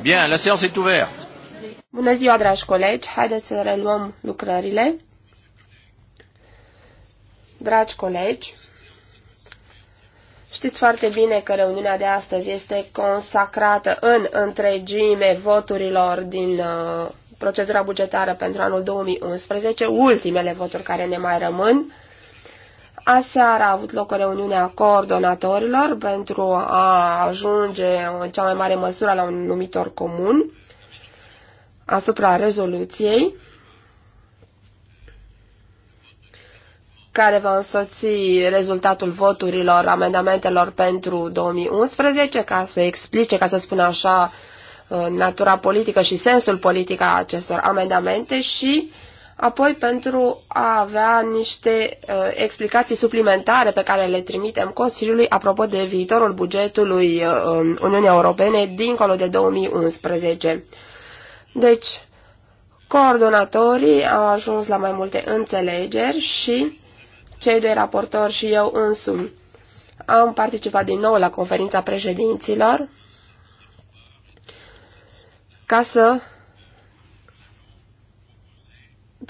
Bien, la séance est ouverte. Bună ziua, dragi colegi. Haideți să reluăm lucrările. Dragi colegi, știți foarte bine că reuniunea de astăzi este consacrată în întregime voturilor din uh, procedura bugetară pentru anul 2011, ultimele voturi care ne mai rămân. Aseară a avut loc o reuniune a coordonatorilor pentru a ajunge în cea mai mare măsură la un numitor comun asupra rezoluției care va însoți rezultatul voturilor, amendamentelor pentru 2011, ca să explice, ca să spun așa, uh, natura politică și sensul politic a acestor amendamente și apoi pentru a avea niște uh, explicații suplimentare pe care le trimitem Consiliului apropo de viitorul bugetului uh, Uniunii Europene dincolo de 2011. Deci, coordonatorii au ajuns la mai multe înțelegeri și cei doi raportori și eu însumi am participat din nou la conferința președinților ca să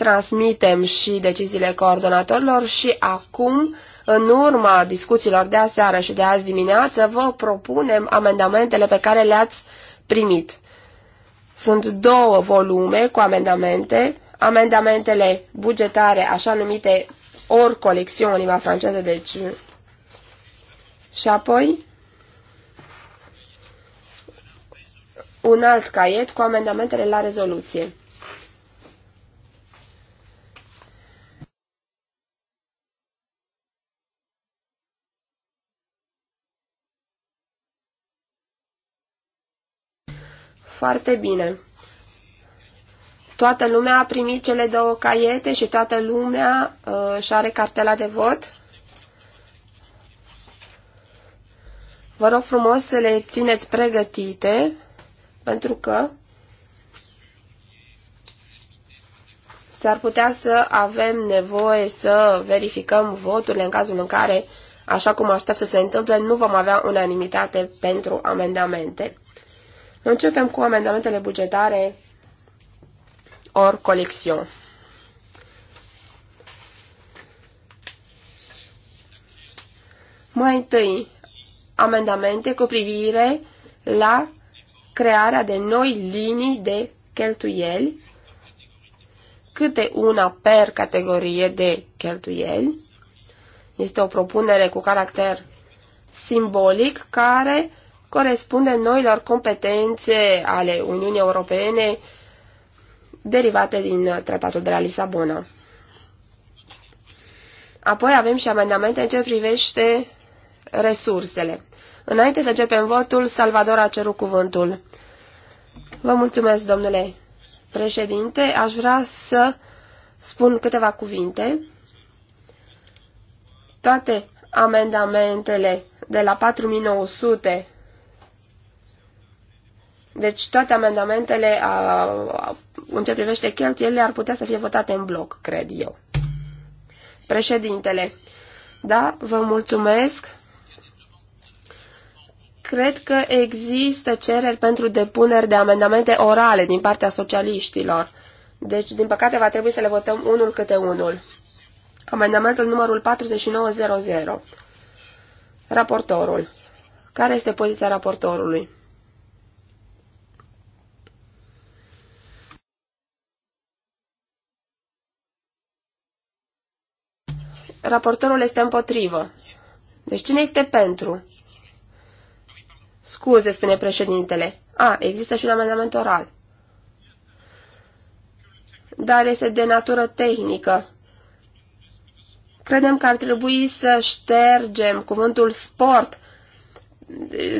transmitem și deciziile coordonatorilor și acum, în urma discuțiilor de aseară și de azi dimineață, vă propunem amendamentele pe care le-ați primit. Sunt două volume cu amendamente, amendamentele bugetare, așa numite ori colecțiuni în limba franceză, deci... Și apoi, un alt caiet cu amendamentele la rezoluție. foarte bine. Toată lumea a primit cele două caiete și toată lumea uh, și are cartela de vot. Vă rog frumos să le țineți pregătite, pentru că s-ar putea să avem nevoie să verificăm voturile în cazul în care, așa cum aștept să se întâmple, nu vom avea unanimitate pentru amendamente. Începem cu amendamentele bugetare or colecțion. Mai întâi, amendamente cu privire la crearea de noi linii de cheltuieli, câte una per categorie de cheltuieli. Este o propunere cu caracter simbolic care corespunde noilor competențe ale Uniunii Europene derivate din Tratatul de la Lisabona. Apoi avem și amendamente în ce privește resursele. Înainte să începem votul, Salvador a cerut cuvântul. Vă mulțumesc, domnule președinte. Aș vrea să spun câteva cuvinte. Toate amendamentele de la 4900 deci toate amendamentele a, a, în ce privește cheltuielile ar putea să fie votate în bloc, cred eu. Președintele, da, vă mulțumesc. Cred că există cereri pentru depuneri de amendamente orale din partea socialiștilor. Deci, din păcate, va trebui să le votăm unul câte unul. Amendamentul numărul 4900. Raportorul. Care este poziția raportorului? Raportorul este împotrivă. Deci cine este pentru? Scuze, spune președintele. A, există și un amendament oral. Dar este de natură tehnică. Credem că ar trebui să ștergem cuvântul sport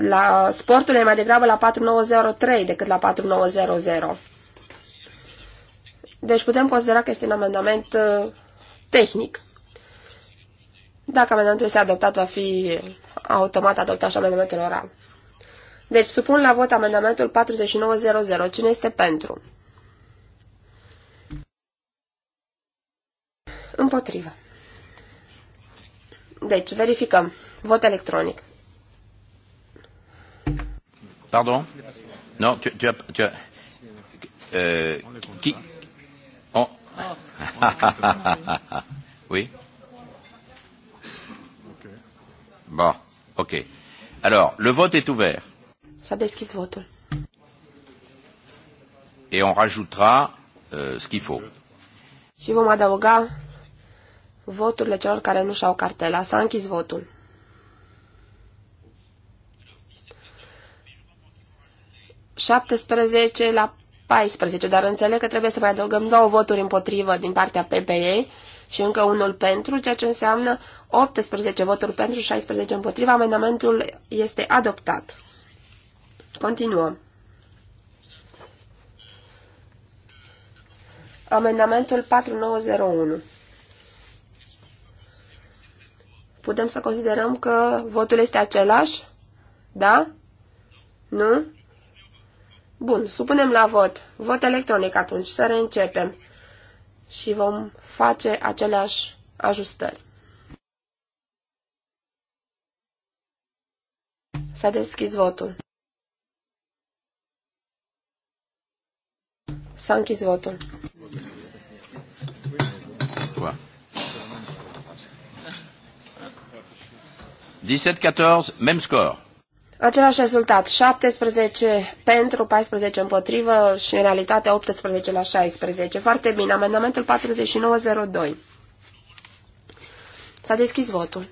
la sportul e mai degrabă la 4903 decât la 4900. Deci putem considera că este un amendament uh, tehnic. Dacă amendamentul este adoptat, va fi automat adoptat și amendamentul oral. Deci, supun la vot amendamentul 4900. Cine este pentru? Împotrivă. Deci, verificăm. Vot electronic. Pardon Nu, no, tu, tu as... Tu as euh, qui Oh. oui Bon, ok. Alors, le vote est ouvert. S-a deschis votul. Et on rajoutera euh, ce qu'il faut. Și vom adăuga voturile celor care nu și-au cartela. S-a închis votul. Șaptesprezece la 14, dar înțeleg că trebuie să mai adăugăm două voturi împotrivă din partea PPE și încă unul pentru, ceea ce înseamnă 18 voturi pentru, 16 împotriva. Amendamentul este adoptat. Continuăm. Amendamentul 4901. Putem să considerăm că votul este același? Da? Nu? Bun, supunem la vot. Vot electronic atunci, să reîncepem. Și vom face aceleași ajustări. S-a deschis votul. S-a închis votul. 17-14, même score. Același rezultat, 17 pentru, 14 împotrivă și în realitate 18 la 16. Foarte bine, amendamentul 4902. S-a deschis votul.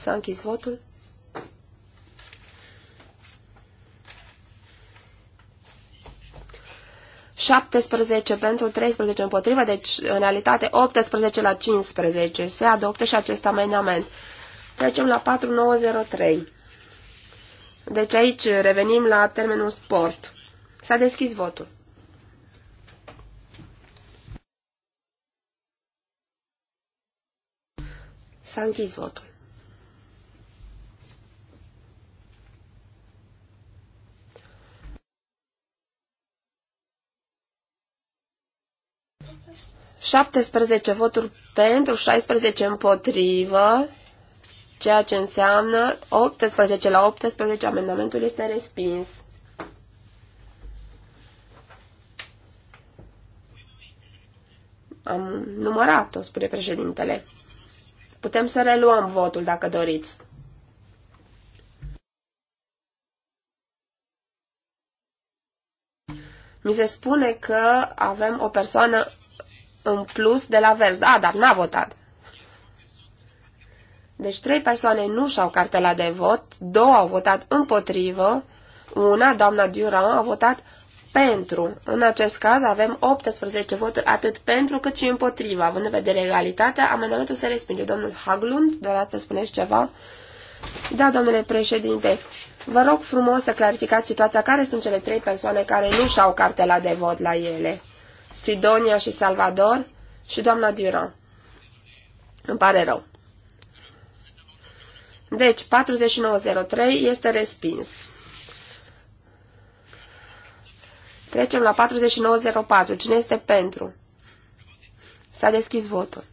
S-a închis votul. Șaptesprezece pentru 13 împotriva, deci în realitate 18 la 15 se adoptă și acest amendament. Trecem la 4903. Deci aici revenim la termenul sport. S-a deschis votul. S-a închis votul. 17 voturi pentru, 16 împotrivă, ceea ce înseamnă 18 la 18 amendamentul este respins. Am numărat-o, spune președintele. Putem să reluăm votul dacă doriți. Mi se spune că avem o persoană în plus de la vers. da, dar n-a votat. Deci trei persoane nu și-au cartela de vot, două au votat împotrivă, una, doamna Durand, a votat pentru. În acest caz avem 18 voturi atât pentru cât și împotriva. Având în vedere egalitatea, amendamentul se respinge. Domnul Haglund, doreați să spuneți ceva? Da, domnule președinte, vă rog frumos să clarificați situația. Care sunt cele trei persoane care nu și-au cartela de vot la ele? Sidonia și Salvador și doamna Duran. Îmi pare rău. Deci, 4903 este respins. Trecem la 4904. Cine este pentru? S-a deschis votul.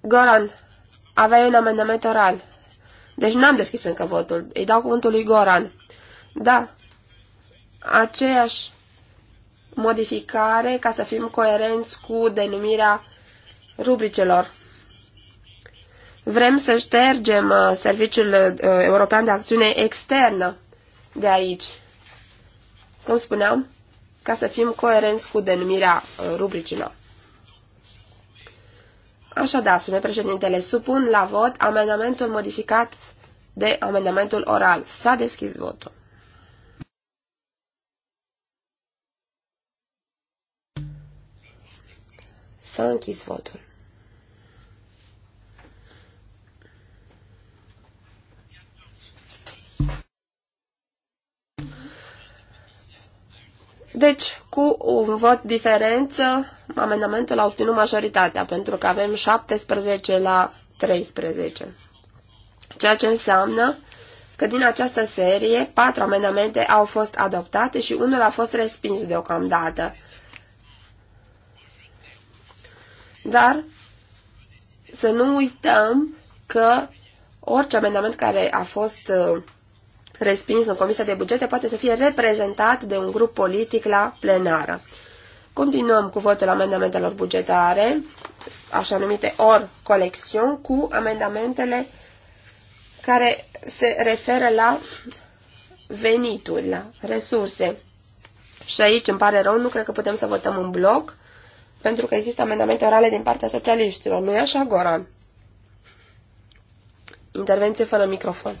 Goran, aveai un amendament oral. Deci n-am deschis încă votul. Îi dau cuvântul lui Goran. Da, aceeași modificare ca să fim coerenți cu denumirea rubricelor. Vrem să ștergem uh, Serviciul uh, European de Acțiune Externă de aici. Cum spuneam, ca să fim coerenți cu denumirea uh, rubricilor. Așadar, spune președintele, supun la vot amendamentul modificat de amendamentul oral. S-a deschis votul. S-a închis votul. Deci, cu un vot diferență, amendamentul a obținut majoritatea, pentru că avem 17 la 13. Ceea ce înseamnă că din această serie, patru amendamente au fost adoptate și unul a fost respins deocamdată. Dar să nu uităm că orice amendament care a fost uh, respins în Comisia de Bugete poate să fie reprezentat de un grup politic la plenară. Continuăm cu votul amendamentelor bugetare, așa numite or colecțion, cu amendamentele care se referă la venituri, la resurse. Și aici îmi pare rău, nu cred că putem să votăm în bloc, pentru că există amendamente orale din partea socialiștilor. Nu-i așa, Goran? Intervenție fără microfon.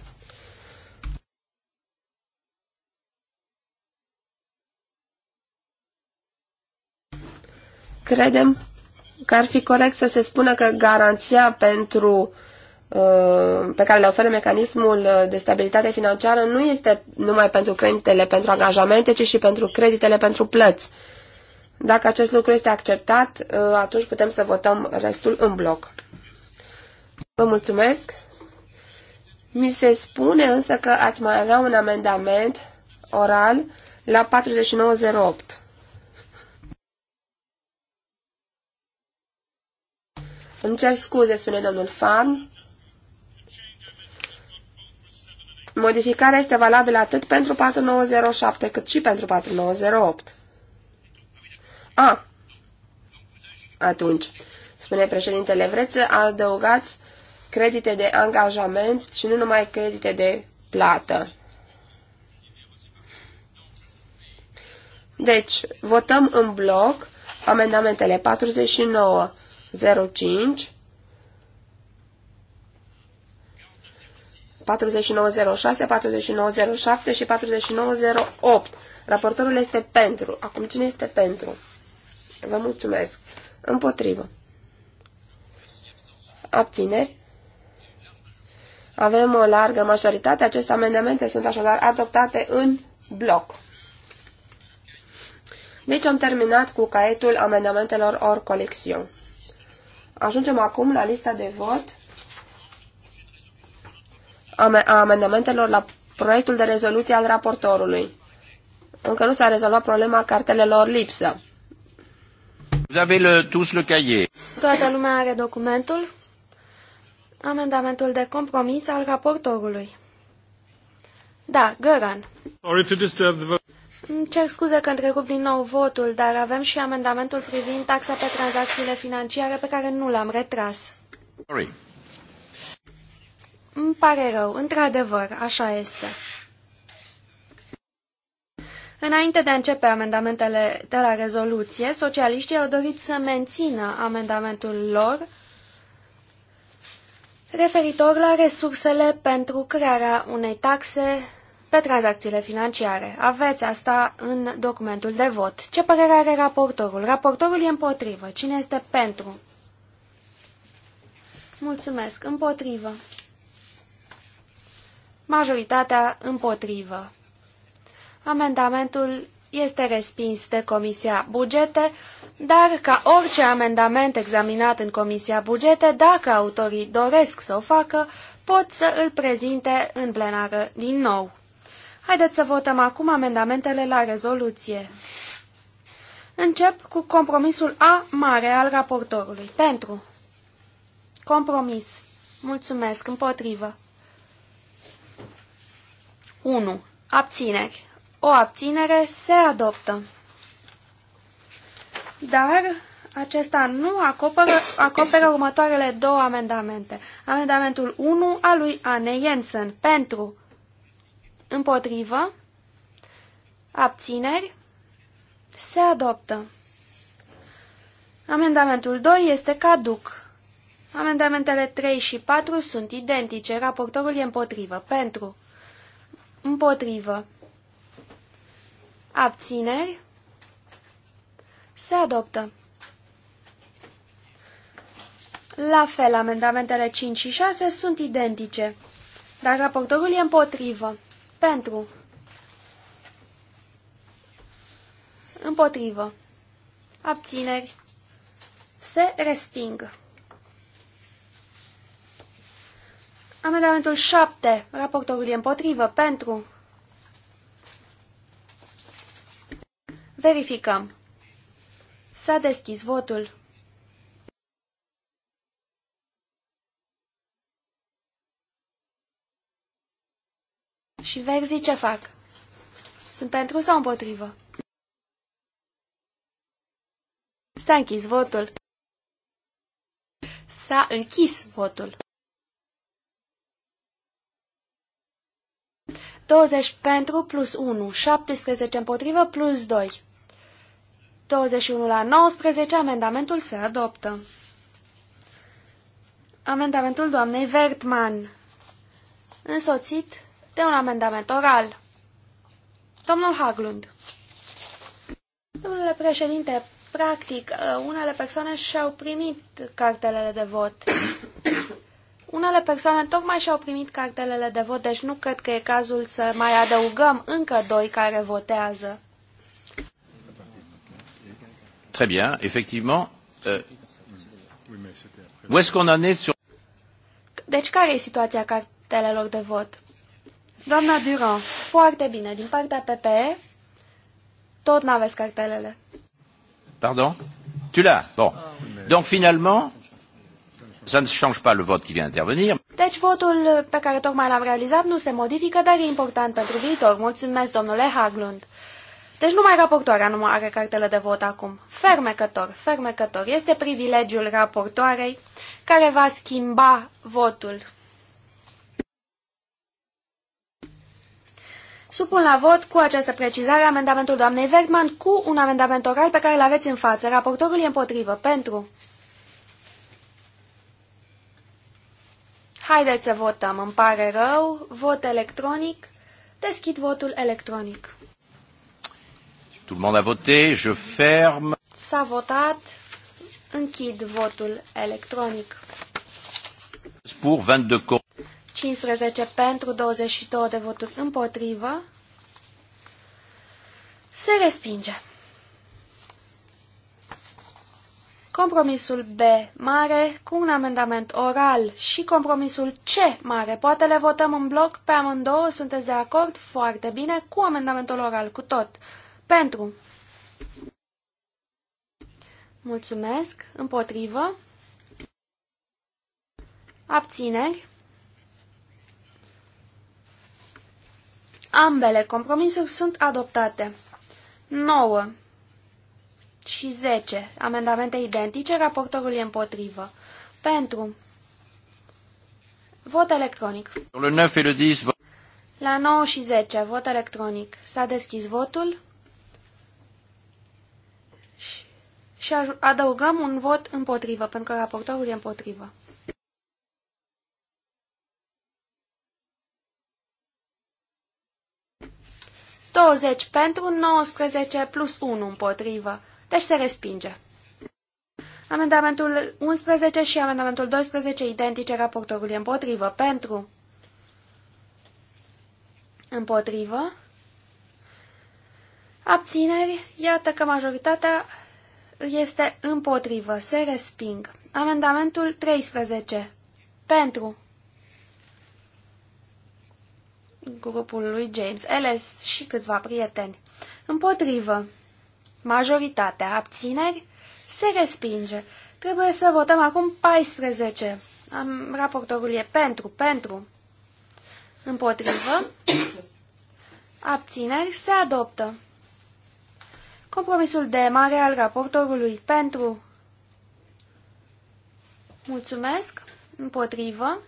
Credem că ar fi corect să se spună că garanția pentru uh, pe care le oferă mecanismul de stabilitate financiară nu este numai pentru creditele pentru angajamente, ci și pentru creditele pentru plăți. Dacă acest lucru este acceptat, uh, atunci putem să votăm restul în bloc. Vă mulțumesc. Mi se spune însă că ați mai avea un amendament oral la 4908. Îmi cer scuze, spune domnul Fan. Modificarea este valabilă atât pentru 4907 cât și pentru 4908. A. Atunci, spune președintele, vreți să adăugați credite de angajament și nu numai credite de plată. Deci, votăm în bloc amendamentele 49, 05, 4906, 4907 și 4908. Raportorul este pentru. Acum cine este pentru? Vă mulțumesc. Împotrivă. Abțineri. Avem o largă majoritate. Aceste amendamente sunt așadar adoptate în bloc. Deci am terminat cu caietul amendamentelor or colecțion. Ajungem acum la lista de vot a amendamentelor la proiectul de rezoluție al raportorului. Încă nu s-a rezolvat problema cartelelor lipsă. Vous avez le, tous le cahier. Toată lumea are documentul. Amendamentul de compromis al raportorului. Da, Găran. Îmi cer scuze că întrerup din nou votul, dar avem și amendamentul privind taxa pe tranzacțiile financiare pe care nu l-am retras. Sorry. Îmi pare rău, într-adevăr, așa este. Înainte de a începe amendamentele de la rezoluție, socialiștii au dorit să mențină amendamentul lor referitor la resursele pentru crearea unei taxe pe tranzacțiile financiare. Aveți asta în documentul de vot. Ce părere are raportorul? Raportorul e împotrivă. Cine este pentru? Mulțumesc. Împotrivă. Majoritatea împotrivă. Amendamentul este respins de Comisia Bugete, dar ca orice amendament examinat în Comisia Bugete, dacă autorii doresc să o facă, pot să îl prezinte în plenară din nou. Haideți să votăm acum amendamentele la rezoluție. Încep cu compromisul A mare al raportorului. Pentru. Compromis. Mulțumesc. Împotrivă. 1. Abțineri o abținere, se adoptă. Dar acesta nu acoperă, acoperă următoarele două amendamente. Amendamentul 1 al lui Anne Jensen pentru împotrivă, abțineri, se adoptă. Amendamentul 2 este caduc. Amendamentele 3 și 4 sunt identice. Raportorul e împotrivă. Pentru. Împotrivă. Abțineri. Se adoptă. La fel, amendamentele 5 și 6 sunt identice. Dar raportorul e împotrivă. Pentru. Împotrivă. Abțineri. Se resping. Amendamentul 7. Raportorul e împotrivă. Pentru. Verificăm. S-a deschis votul. Și verzii ce fac? Sunt pentru sau împotrivă? S-a închis votul. S-a închis votul. 20 pentru plus 1, 17 împotrivă plus 2. 21 la 19, amendamentul se adoptă. Amendamentul doamnei Vertman, însoțit de un amendament oral. Domnul Haglund. Domnule președinte, practic, uh, unele persoane și-au primit cartelele de vot. Unele persoane tocmai și-au primit cartelele de vot, deci nu cred că e cazul să mai adăugăm încă doi care votează. Très bien, effectivement. Euh, où est-ce qu'on en est sur... Deci care e situația cartelelor de vot? Doamna Durand, foarte bine, din partea PPE, tot n-aveți cartelele. Pardon Tu l'as Bon. Ah, Donc finalement, ça ne change pas le vote qui vient intervenir. Deci votul pe care tocmai l-am realizat nu se modifică, dar e important pentru viitor. Mulțumesc, domnule Haglund. Deci numai raportoarea nu are cartele de vot acum. Fermecător, fermecător. Este privilegiul raportoarei care va schimba votul. Supun la vot cu această precizare amendamentul doamnei Vergman cu un amendament oral pe care îl aveți în față. Raportorul e împotrivă. Pentru. Haideți să votăm. Îmi pare rău. Vot electronic. Deschid votul electronic. Tout le monde a voté, je ferme. S'a votat, închid votul electronic. Pour 22 15 pentru, 22 de voturi împotrivă. Se respinge. compromisul B mare cu un amendament oral și compromisul C mare. Poate le votăm în bloc pe amândouă, sunteți de acord? Foarte bine, cu amendamentul oral, cu tot. Pentru. Mulțumesc. Împotrivă. Abțineri. Ambele compromisuri sunt adoptate. 9 și 10. Amendamente identice. Raportorul e împotrivă. Pentru. Vot electronic. La 9 și 10. Vot electronic. S-a deschis votul. și adăugăm un vot împotrivă, pentru că raportorul e împotrivă. pentru, 19 plus 1 împotrivă, deci se respinge. Amendamentul 11 și amendamentul 12 identice, raportorului împotrivă, pentru, împotrivă, abțineri, iată că majoritatea este împotrivă, se resping. Amendamentul 13. Pentru. Grupul lui James Ellis și câțiva prieteni. Împotrivă. Majoritatea abțineri se respinge. Trebuie să votăm acum 14. Am, raportorul e pentru, pentru. Împotrivă. Abțineri se adoptă. Compromisul de mare al raportorului pentru. Mulțumesc. Împotrivă.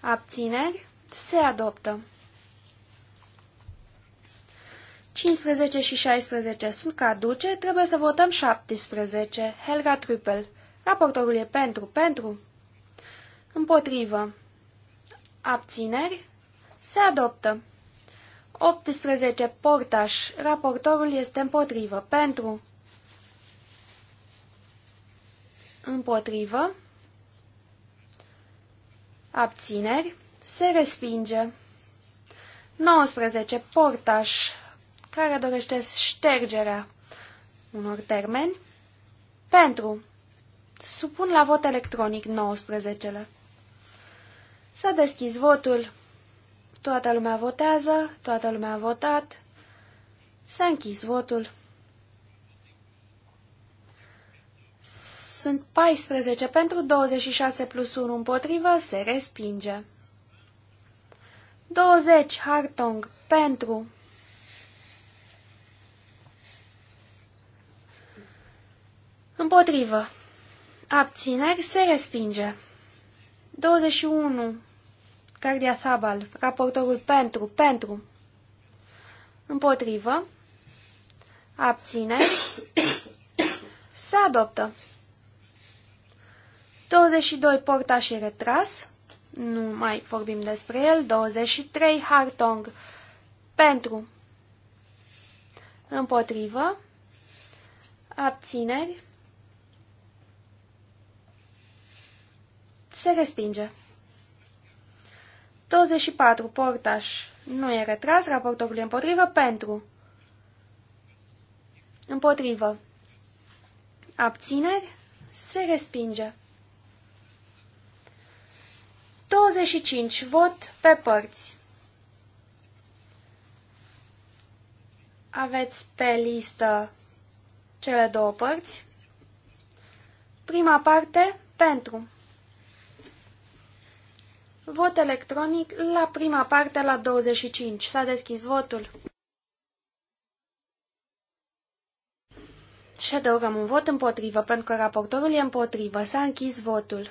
Abțineri. Se adoptă. 15 și 16 sunt caduce, trebuie să votăm 17. Helga Trupel. Raportorul e pentru, pentru. Împotrivă. Abțineri. Se adoptă. 18. Portaș. Raportorul este împotrivă. Pentru. Împotrivă. Abțineri. Se respinge. 19. Portaș. Care dorește ștergerea unor termeni. Pentru. Supun la vot electronic 19-le. Să deschizi votul. Toată lumea votează, toată lumea a votat. S-a închis votul. Sunt 14 pentru, 26 plus 1 împotrivă, se respinge. 20 Hartong pentru. Împotrivă. Abțineri se respinge. 21 Cardia Sabal, raportorul pentru, pentru, împotrivă, abține, se adoptă. 22 porta și retras, nu mai vorbim despre el, 23 Hartong, pentru, împotrivă, abțineri, se respinge. 24. Portaș. Nu e retras. Raportorul e împotrivă. Pentru. Împotrivă. Abțineri. Se respinge. 25. Vot pe părți. Aveți pe listă cele două părți. Prima parte, pentru. Vot electronic la prima parte la 25. S-a deschis votul. Și adăugăm un vot împotrivă, pentru că raportorul e împotrivă. S-a închis votul.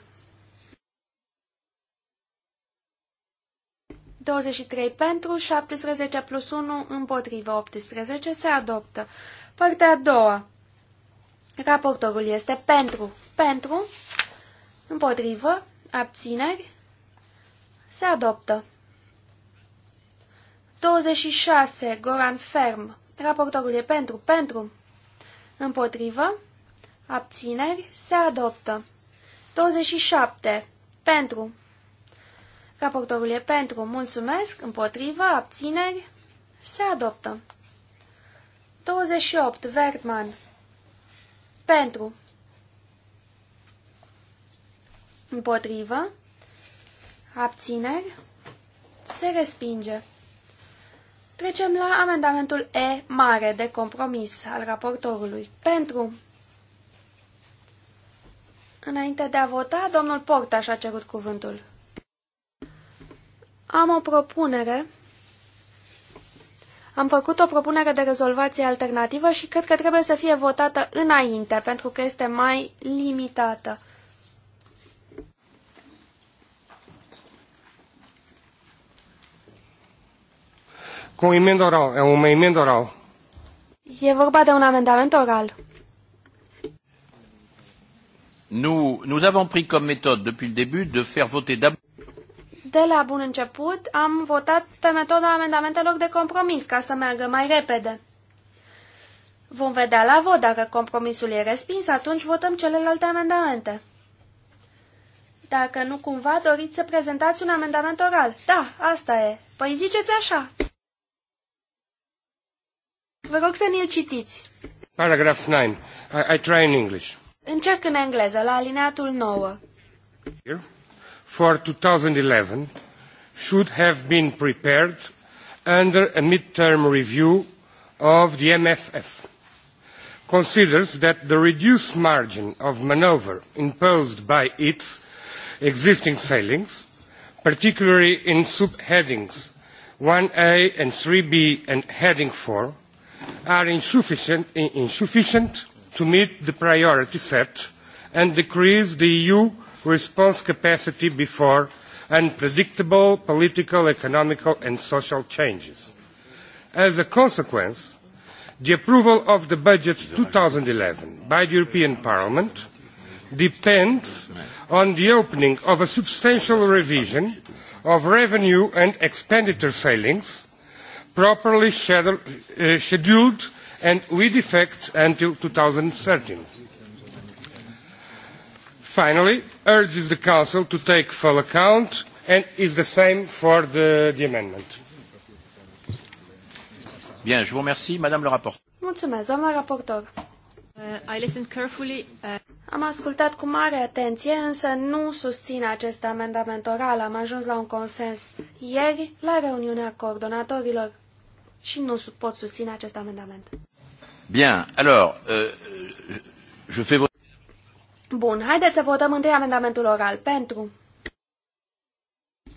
23 pentru, 17 plus 1 împotrivă, 18 se adoptă. Partea a doua. Raportorul este pentru, pentru, împotrivă, abțineri, se adoptă. 26. Goran Ferm. Raportorul e pentru. Pentru. Împotrivă. Abțineri. Se adoptă. 27. Pentru. Raportorul e pentru. Mulțumesc. Împotrivă. Abțineri. Se adoptă. 28. Vertman. Pentru. Împotrivă abțineri, se respinge. Trecem la amendamentul E mare de compromis al raportorului. Pentru. Înainte de a vota, domnul Portaș a cerut cuvântul. Am o propunere. Am făcut o propunere de rezolvație alternativă și cred că trebuie să fie votată înainte, pentru că este mai limitată. Cu emenda oral. e un emenda oral. E vorba de un amendament oral. Nous, nous avons pris comme méthode depuis le début de faire voter d'abord de la bun început am votat pe metoda amendamentelor de compromis ca să meargă mai repede. Vom vedea la vot dacă compromisul e respins, atunci votăm celelalte amendamente. Dacă nu cumva doriți să prezentați un amendament oral. Da, asta e. Păi ziceți așa. Vă rog să ne-l citiți. Paragraph 9. I, I try in English. Încerc în engleză, la alineatul 9. Here, for 2011 should have been prepared under a midterm review of the MFF considers that the reduced margin of manoeuvre imposed by its existing sailings, particularly in subheadings 1A and 3B and heading 4, are insufficient, insufficient to meet the priority set and decrease the EU response capacity before unpredictable political, economical and social changes. As a consequence, the approval of the budget 2011 by the European Parliament depends on the opening of a substantial revision of revenue and expenditure ceilings properly eh, scheduled and with effect until 2013. Finally, urges the Council to take full account and is the same for the, the amendment. Bien, je vous remercie, Madame le rapporteur. Mulțumesc, doamna raportor. Uh, I listened carefully. Uh... Am ascultat cu mare atenție, însă nu susțin acest amendament oral. Am ajuns la un consens ieri la reuniunea coordonatorilor și nu pot susține acest amendament. Bien, alors, euh, je fais vot... Bun, haideți să votăm întâi amendamentul oral. Pentru.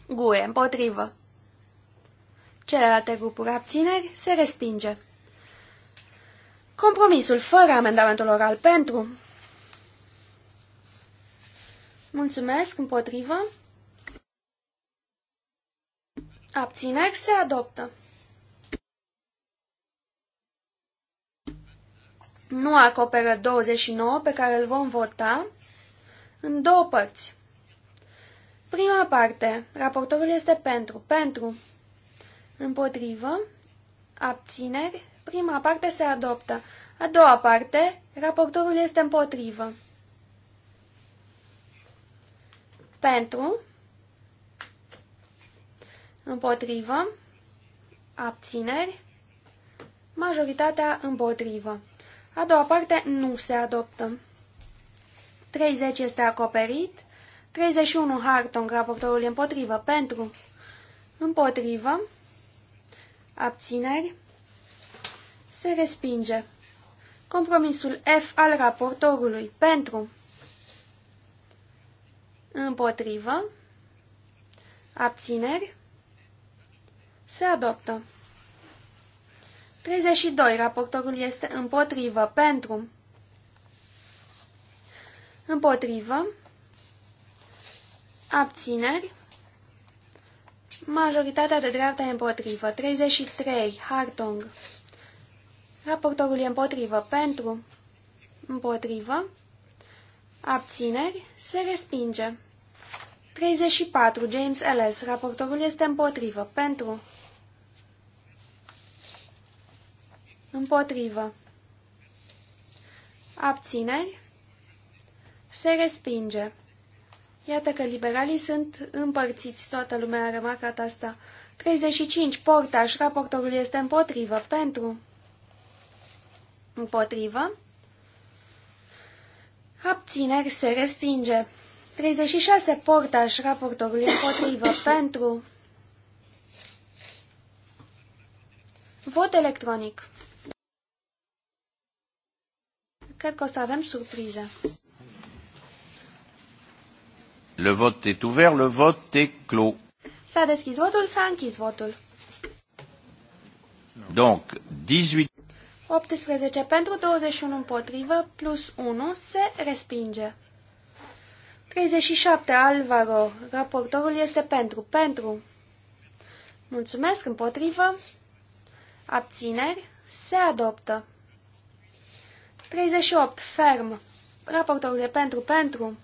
GUE, împotrivă. Celelalte grupuri abțineri se respinge. Compromisul fără amendamentul oral pentru. Mulțumesc, împotrivă. Abțineri se adoptă. nu acoperă 29 pe care îl vom vota în două părți. Prima parte, raportorul este pentru, pentru, împotrivă, abțineri, prima parte se adoptă. A doua parte, raportorul este împotrivă. Pentru, împotrivă, abțineri, majoritatea împotrivă. A doua parte nu se adoptă. 30 este acoperit. 31 Harton raportorul împotrivă, pentru, împotrivă, abțineri, se respinge. Compromisul F al raportorului, pentru, împotrivă, abțineri, se adoptă. 32. Raportorul este împotrivă. Pentru. Împotrivă. Abțineri. Majoritatea de dreapta e împotrivă. 33. Hartung. Raportorul e împotrivă. Pentru. Împotrivă. Abțineri. Se respinge. 34. James Ellis. Raportorul este împotrivă. Pentru. Împotrivă. Abțineri. Se respinge. Iată că liberalii sunt împărțiți. Toată lumea a remarcat asta. 35. Portaș. Raportorul este împotrivă. Pentru. Împotrivă. Abțineri. Se respinge. 36. Portaș. Raportorul este împotrivă. Pentru. Vot electronic. Cred că o să avem surpriză. Le vot est ouvert, le vote est clos. S-a deschis votul, s-a închis votul. Donc, 18... 18 pentru, 21 împotrivă, plus 1 se respinge. 37. Alvaro. Raportorul este pentru. Pentru. Mulțumesc, împotrivă. Abțineri. Se adoptă. 38. Ferm. Raportorul e pentru, pentru.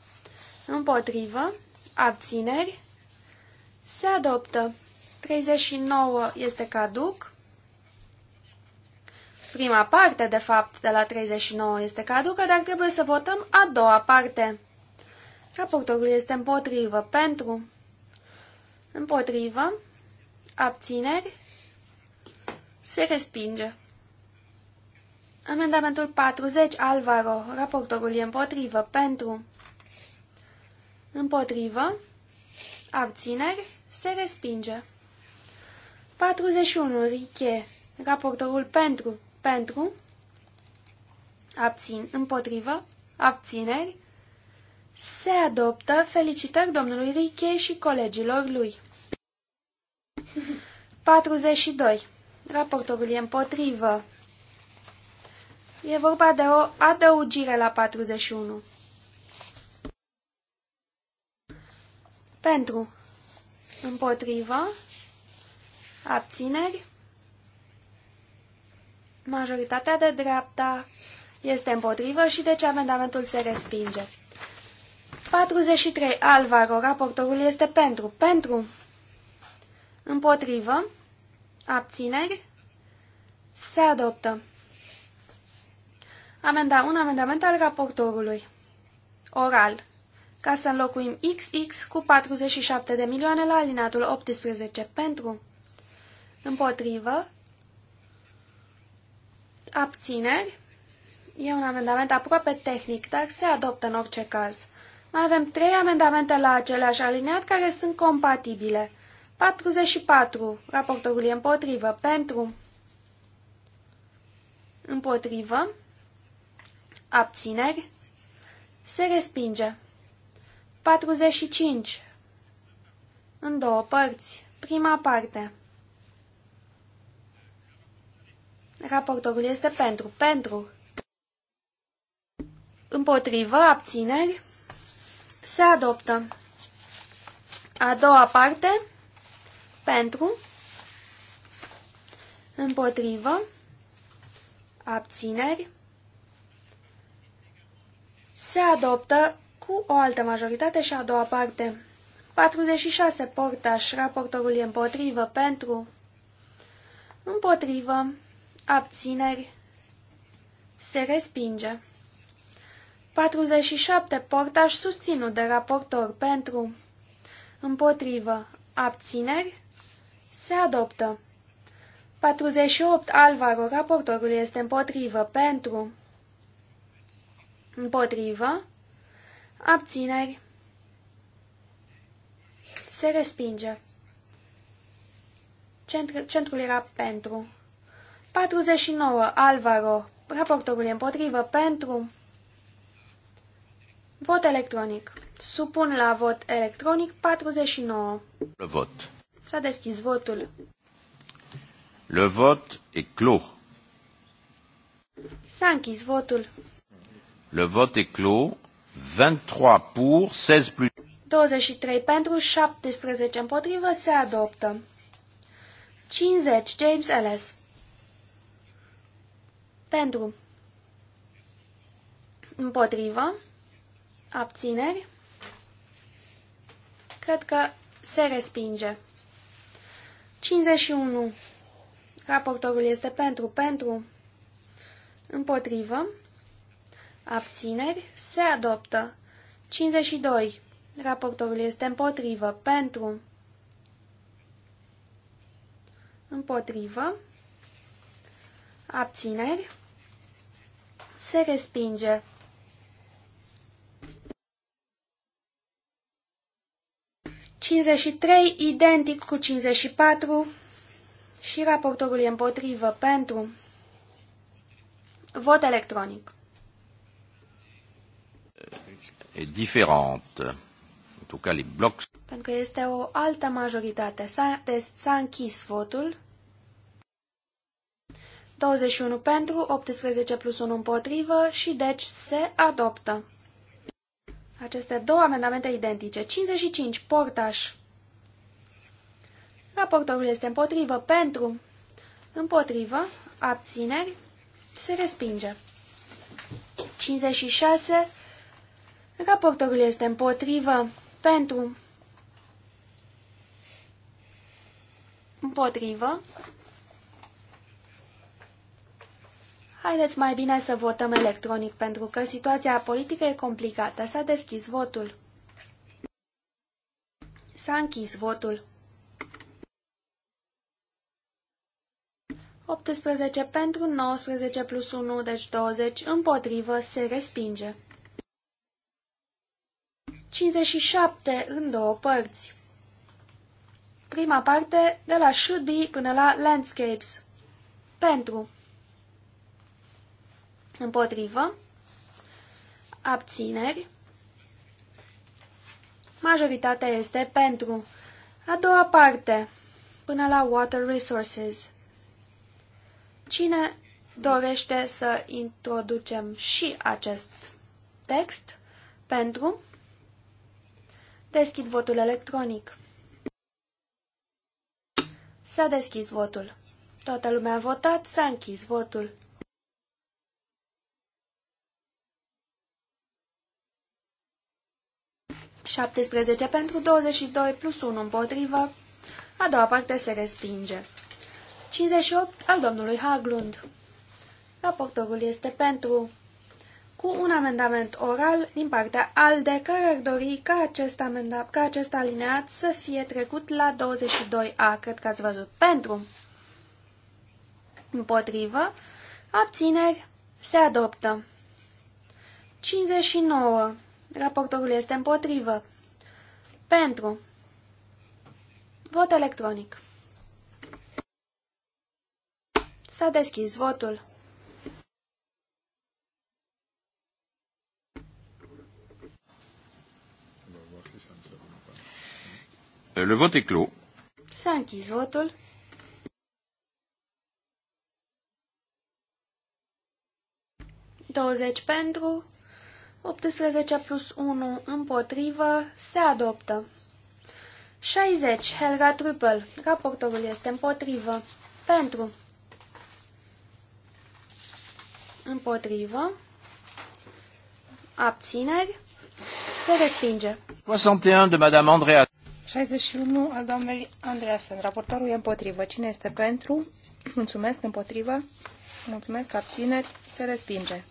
Împotrivă. Abțineri. Se adoptă. 39 este caduc. Prima parte, de fapt, de la 39 este caducă, dar trebuie să votăm a doua parte. Raportorul este împotrivă. Pentru. Împotrivă. Abțineri. Se respinge. Amendamentul 40, Alvaro. Raportorul e împotrivă. Pentru. Împotrivă. Abțineri. Se respinge. 41, Riche. Raportorul pentru. Pentru. Abțin. Împotrivă. Abțineri. Se adoptă felicitări domnului Riche și colegilor lui. 42. Raportorul e împotrivă. E vorba de o adăugire la 41. Pentru, împotrivă, abțineri, majoritatea de dreapta este împotrivă și deci amendamentul se respinge. 43. Alvaro, raportorul este pentru. Pentru, împotrivă, abțineri, se adoptă amenda, un amendament al raportorului, oral, ca să înlocuim XX cu 47 de milioane la alinatul 18 pentru, împotrivă, abțineri, e un amendament aproape tehnic, dar se adoptă în orice caz. Mai avem trei amendamente la același aliniat care sunt compatibile. 44. Raportorul e împotrivă. Pentru. Împotrivă. Abțineri? Se respinge. 45. În două părți. Prima parte. Raportorul este pentru. Pentru. Împotrivă, abțineri, se adoptă. A doua parte, pentru, împotrivă, abțineri, se adoptă cu o altă majoritate și a doua parte. 46. Portaș. Raportorul e împotrivă. Pentru. Împotrivă. Abțineri. Se respinge. 47. Portaș susținut de raportor. Pentru. Împotrivă. Abțineri. Se adoptă. 48. Alvaro. Raportorul este împotrivă. Pentru. Împotrivă. Abțineri. Se respinge. Centr centrul era pentru. 49. Alvaro. Raportorul e împotrivă. Pentru. Vot electronic. Supun la vot electronic 49. vot. S-a deschis votul. Le vot e clos. S-a închis votul. Le vote est clos. 23 pour, 16 plus... 23 pentru, 17 împotrivă, se adoptă. 50, James Ellis. Pentru. Împotrivă. Abțineri. Cred că se respinge. 51. Raportorul este pentru, pentru, împotrivă, abțineri, se adoptă. 52. Raportorul este împotrivă, pentru, împotrivă, abțineri, se respinge. Cincizeci identic cu 54 și raportorul e împotrivă pentru vot electronic diferente. În tot cas, les blocs... Pentru că este o altă majoritate. S-a deci închis votul. 21 pentru, 18 plus 1 împotrivă și deci se adoptă. Aceste două amendamente identice. 55, portaș. Raportorul este împotrivă, pentru, împotrivă, abțineri, se respinge. 56, Raportorul este împotrivă. Pentru. Împotrivă. Haideți mai bine să votăm electronic, pentru că situația politică e complicată. S-a deschis votul. S-a închis votul. 18 pentru, 19 plus 1, deci 20, împotrivă, se respinge. 57 în două părți. Prima parte de la Should Be până la Landscapes. Pentru. Împotrivă. Abțineri. Majoritatea este pentru. A doua parte până la Water Resources. Cine dorește să introducem și acest text pentru Deschid votul electronic. S-a deschis votul. Toată lumea a votat, s-a închis votul. Șaptesprezece pentru 22 plus 1 împotrivă. A doua parte se respinge. 58 al domnului Haglund. Raportorul este pentru cu un amendament oral din partea ALDE, care ar dori ca acest, amenda, ca acest alineat să fie trecut la 22A, cred că ați văzut, pentru, împotrivă, abțineri, se adoptă. 59. Raportorul este împotrivă. Pentru. Vot electronic. S-a deschis votul. Euh, le vot est clos. S-a închis votul. Douăzeci pentru, 18 plus 1 împotrivă, se adoptă. 60. Helga Trupel. Raportorul este împotrivă. Pentru. Împotrivă. Abțineri. Se respinge. 61 de Madame Andrea. 61 al doamnei Andreasen. Raportorul e împotrivă. Cine este pentru? Mulțumesc, împotrivă. Mulțumesc, abțineri. Se respinge.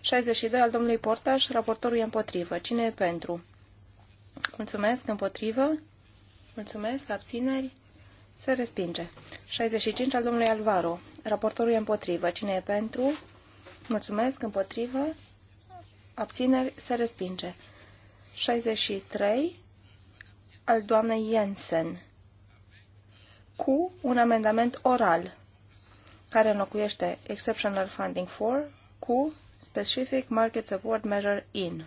62 al domnului Portaș. Raportorul e împotrivă. Cine e pentru? Mulțumesc, împotrivă. Mulțumesc, abțineri. Se respinge. 65 al domnului Alvaro. Raportorul e împotrivă. Cine e pentru? Mulțumesc, împotrivă. Abțineri. Se respinge. 63 al doamnei Jensen cu un amendament oral care înlocuiește Exceptional Funding for cu Specific Market Support Measure in.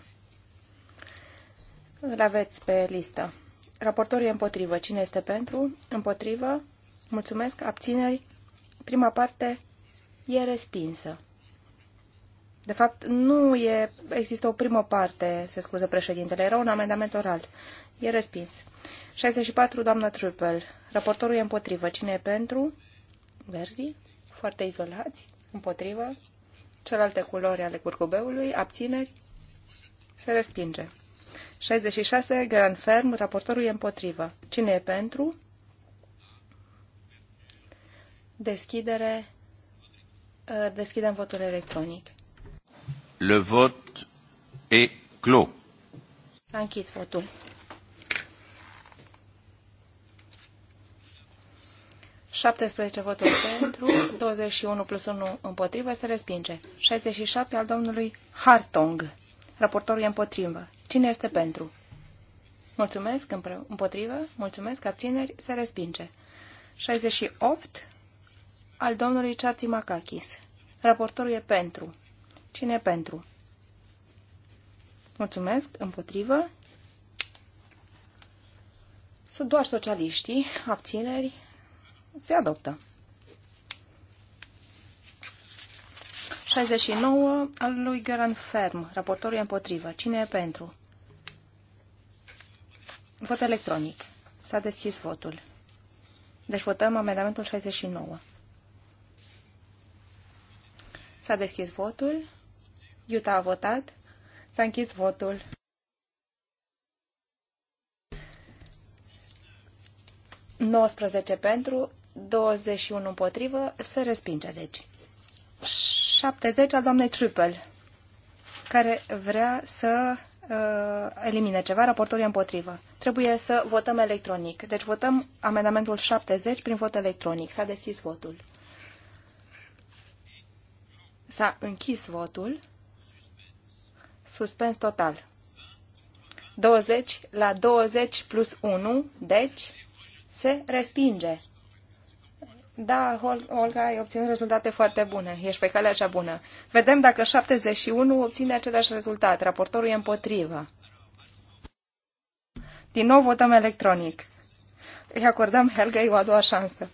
Îl aveți pe listă. Raportorul e împotrivă. Cine este pentru? Împotrivă. Mulțumesc. Abțineri. Prima parte e respinsă. De fapt, nu e, există o primă parte, se scuză președintele, era un amendament oral. E respins. 64, doamna Trupel. Raportorul e împotrivă. Cine e pentru? Verzi? Foarte izolați. Împotrivă. Celelalte culori ale curcubeului. Abțineri. Se respinge. 66, Grand Ferm. Raportorul e împotrivă. Cine e pentru? Deschidere. Uh, deschidem votul electronic. Le vot e clos. S-a închis votul. 17 voturi pentru, 21 plus 1 împotrivă, se respinge. 67 al domnului Hartong. Raportorul e împotrivă. Cine este pentru? Mulțumesc, împotrivă, mulțumesc, abțineri, se respinge. 68 al domnului Charti Makakis. Raportorul e pentru. Cine e pentru? Mulțumesc, împotrivă. Sunt doar socialiștii, abțineri, se adoptă. 69 al lui Göran Ferm. Raportorul e împotrivă. Cine e pentru? Vot electronic. S-a deschis votul. Deci votăm amendamentul 69. S-a deschis votul. Iuta a votat. S-a închis votul. Nouăsprezece pentru, 21 împotrivă, se respinge, deci. 70 al doamnei Triple, care vrea să uh, elimine ceva, raportul e împotrivă. Trebuie să votăm electronic. Deci votăm amendamentul 70 prin vot electronic. S-a deschis votul. S-a închis votul. Suspens total. 20 la 20 plus 1, deci se respinge. Da, Olga, ai obținut rezultate foarte bune. Ești pe calea cea bună. Vedem dacă 71 obține același rezultat. Raportorul e împotrivă. Din nou votăm electronic. Îi acordăm Helgei o a doua șansă.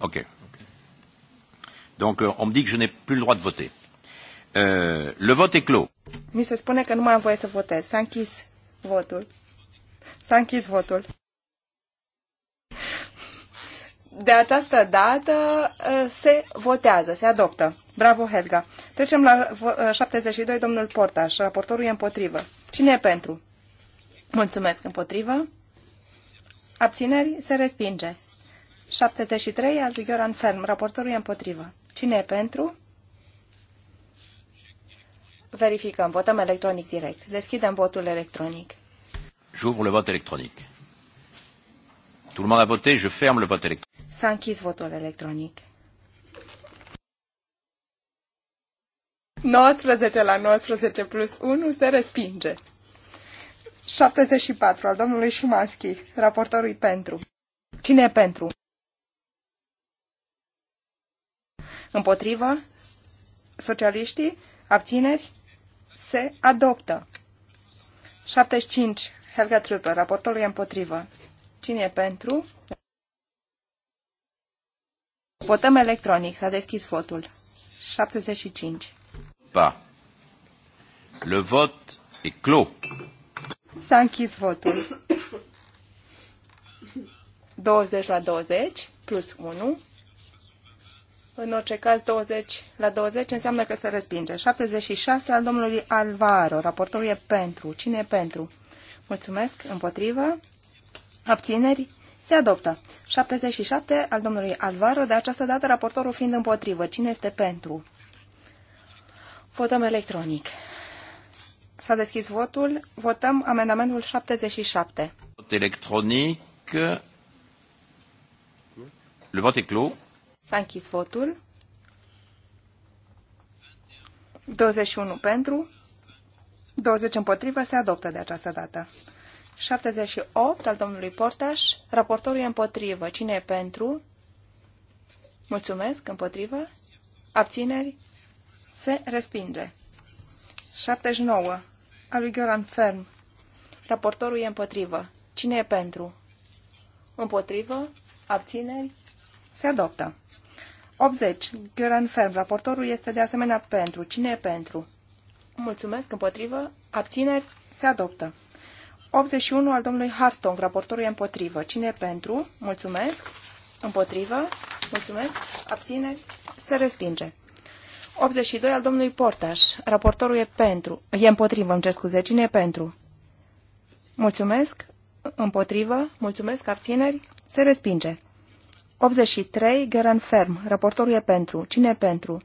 Ok. Donc, euh, on me dit que je n'ai plus le droit de voter. Euh, le vote est clos. Mi se spune că nu mai am voie să votez. S-a închis votul. S-a închis votul. de această dată uh, se votează, se adoptă. Bravo, Helga. Trecem la 72, uh, domnul Portaș. Raportorul e împotrivă. Cine e pentru? Mulțumesc, împotrivă. Abțineri, se respinge. 73, al lui Gioran Ferm. Raportorul e împotrivă. Cine e pentru? Verificăm. Votăm electronic direct. Deschidem votul electronic. J'ouvre le vote électronique. Tout le monde a voté, je ferme le vote électronique. S-a închis votul electronic. 19 la 19 plus 1 se respinge. 74 al domnului Șumaschi, raportorului pentru. Cine e pentru? Împotrivă? Socialiștii? Abțineri? Se adoptă. 75. Helga Trupper, raportorul e împotrivă. Cine e pentru? Votăm electronic. S-a deschis votul. 75. Pa. Le vot e clos. S-a închis votul. 20 la 20 plus 1. În orice caz, 20 la 20 înseamnă că se respinge. 76 al domnului Alvaro. Raportorul e pentru. Cine e pentru? Mulțumesc. Împotrivă. Abțineri. Se adoptă. 77 al domnului Alvaro, de această dată raportorul fiind împotrivă. Cine este pentru? Votăm electronic. S-a deschis votul. Votăm amendamentul 77. Vot electronic. Le vot e clos. S-a închis votul. 21 pentru, 20 împotrivă, se adoptă de această dată. 78 al domnului Portaș. Raportorul e împotrivă. Cine e pentru? Mulțumesc. Împotrivă. Abțineri. Se respinge. 79 al lui Gioran Ferm. Raportorul e împotrivă. Cine e pentru? Împotrivă. Abțineri. Se adoptă. 80. Gioran Ferm. Raportorul este de asemenea pentru. Cine e pentru? Mulțumesc. Împotrivă. Abțineri. Se adoptă. 81 al domnului Hartong. Raportorul e împotrivă. Cine e pentru? Mulțumesc. Împotrivă. Mulțumesc. Abține. Se respinge. 82 al domnului Portaș. Raportorul e pentru. E împotrivă, îmi cer scuze. Cine e pentru? Mulțumesc. Împotrivă. Mulțumesc. Abțineri. Se respinge. 83. Gheran Ferm. Raportorul e pentru. Cine e pentru?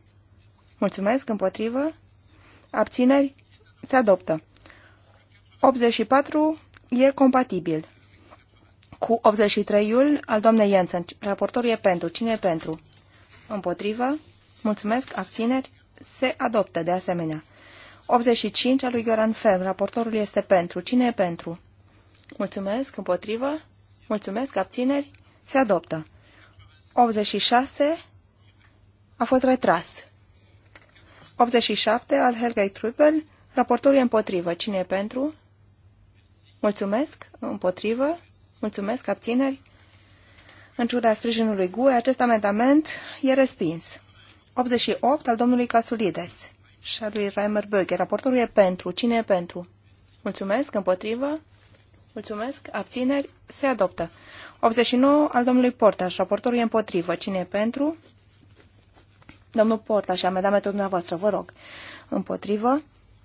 Mulțumesc. Împotrivă. Abțineri. Se adoptă. 84 e compatibil cu 83 ul al doamnei Jensen. Raportorul e pentru. Cine e pentru? Împotrivă. Mulțumesc. Abțineri. Se adoptă de asemenea. 85 al lui Ioran Ferm. Raportorul este pentru. Cine e pentru? Mulțumesc. Împotrivă. Mulțumesc. Abțineri. Se adoptă. 86 a fost retras. 87 al Helgei Trupel. Raportorul e împotrivă. Cine e pentru? Mulțumesc. Împotrivă. Mulțumesc. Abțineri. În ciuda sprijinului GUE, acest amendament e respins. 88 al domnului Casulides și al lui Reimer Böge. Raportorul e pentru. Cine e pentru? Mulțumesc. Împotrivă. Mulțumesc. Abțineri. Se adoptă. 89 al domnului Portaș. Raportorul e împotrivă. Cine e pentru? Domnul Portaș amendamentul dumneavoastră, vă rog. Împotrivă.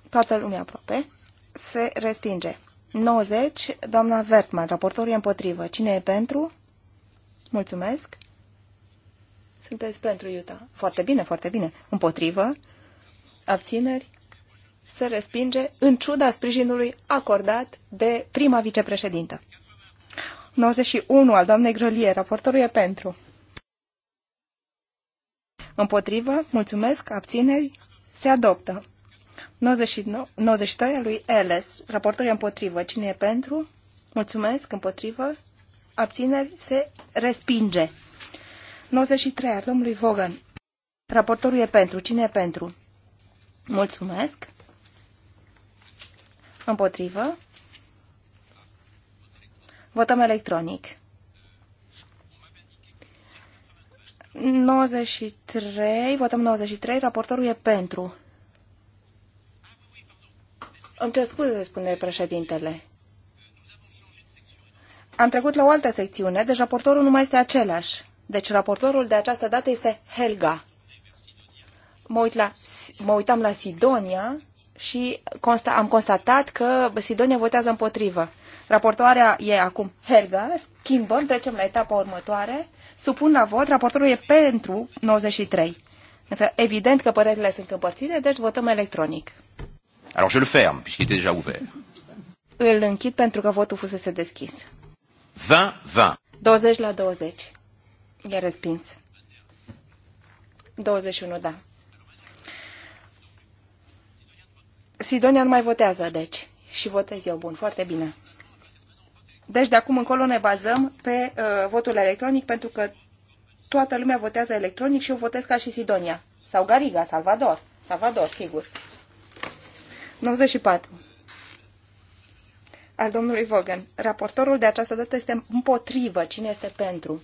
Toată lumea aproape. Se respinge. 90, doamna Vertman, raportorul e împotrivă. Cine e pentru? Mulțumesc. Sunteți pentru Iuta. Foarte bine, foarte bine. Împotrivă? Abțineri? Se respinge în ciuda sprijinului acordat de prima vicepreședintă. 91 al doamnei Grălie, raportorul e pentru. Împotrivă? Mulțumesc. Abțineri? Se adoptă. 99, 92 lui Ellis. Raportorii împotrivă. Cine e pentru? Mulțumesc. Împotrivă. Abțineri. Se respinge. 93 al domnului Vogan. Raportorul e pentru. Cine e pentru? Mulțumesc. Împotrivă. Votăm electronic. 93, votăm 93, raportorul e pentru. Îmi cer scuze, spune președintele. Am trecut la o altă secțiune, deci raportorul nu mai este același. Deci raportorul de această dată este Helga. Mă, uit la, mă uitam la Sidonia și consta, am constatat că Sidonia votează împotrivă. Raportoarea e acum Helga, schimbăm, trecem la etapa următoare, supun la vot, raportorul e pentru 93. Însă evident că părerile sunt împărțite, deci votăm electronic. Alors je le ferme, puisqu'il était déjà ouvert. Îl închid pentru că votul fusese deschis. 20-20. 20 la 20. E respins. 21, da. Sidonia nu mai votează, deci. Și votez eu, bun, foarte bine. Deci de acum încolo ne bazăm pe uh, votul electronic, pentru că toată lumea votează electronic și eu votez ca și Sidonia. Sau Gariga, Salvador. Salvador, sigur. 94 al domnului Vogan. Raportorul de această dată este împotrivă. Cine este pentru?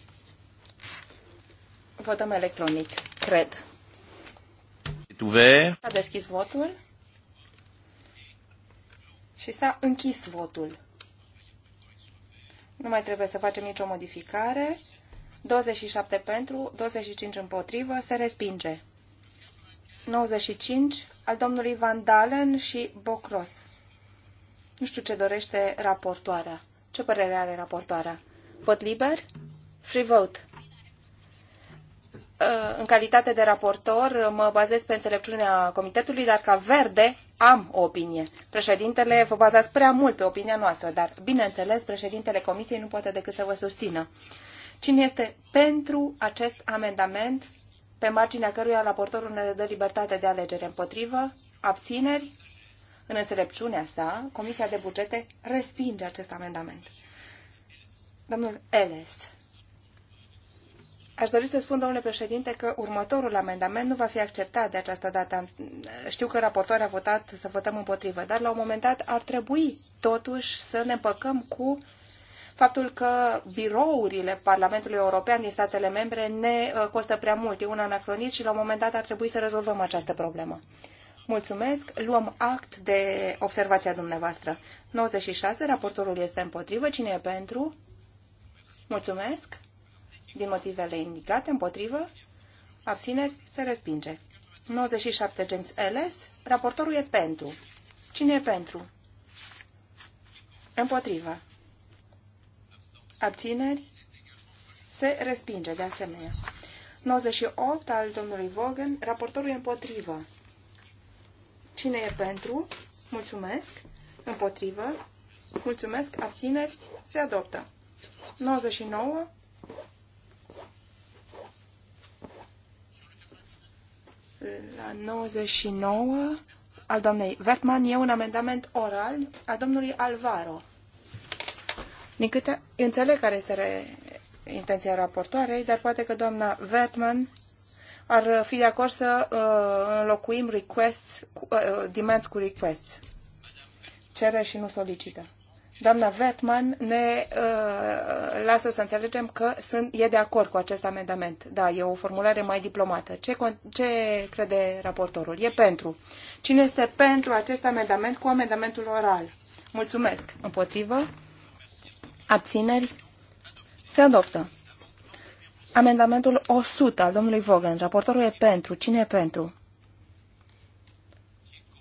Votăm electronic, cred. A deschis votul și s-a închis votul. Nu mai trebuie să facem nicio modificare. 27 pentru, 25 împotrivă, se respinge. 95 al domnului Van Dalen și Bocros. Nu știu ce dorește raportoarea. Ce părere are raportoarea? Vot liber? Free vote. Uh, în calitate de raportor, mă bazez pe înțelepciunea comitetului, dar ca verde am o opinie. Președintele, vă bazați prea mult pe opinia noastră, dar, bineînțeles, președintele comisiei nu poate decât să vă susțină. Cine este pentru acest amendament pe marginea căruia raportorul ne dă libertate de alegere împotrivă, abțineri, în înțelepciunea sa, Comisia de Bugete respinge acest amendament. Domnul Eles. Aș dori să spun, domnule președinte, că următorul amendament nu va fi acceptat de această dată. Știu că raportoarea a votat să votăm împotrivă, dar la un moment dat ar trebui totuși să ne împăcăm cu faptul că birourile Parlamentului European din statele membre ne uh, costă prea mult. E un anacronism și la un moment dat ar trebui să rezolvăm această problemă. Mulțumesc, luăm act de observația dumneavoastră. 96, raportorul este împotrivă. Cine e pentru? Mulțumesc. Din motivele indicate, împotrivă. Abțineri, se respinge. 97, James Ellis. Raportorul e pentru. Cine e pentru? Împotrivă. Abțineri? Se respinge, de asemenea. 98 al domnului Vogel, Raportorul e împotrivă. Cine e pentru? Mulțumesc. Împotrivă. Mulțumesc. Abțineri. Se adoptă. 99. La 99 al doamnei Vertman e un amendament oral al domnului Alvaro. Din câte înțeleg care este re... intenția raportoarei, dar poate că doamna Vetman ar fi de acord să uh, înlocuim requests, cu, uh, demands cu requests. Cere și nu solicită. Doamna Vetman ne uh, lasă să înțelegem că sunt, e de acord cu acest amendament. Da, e o formulare mai diplomată. Ce, ce crede raportorul? E pentru. Cine este pentru acest amendament cu amendamentul oral? Mulțumesc. Împotrivă? Abțineri? Se adoptă. Amendamentul 100 al domnului Vogel. Raportorul e pentru. Cine e pentru?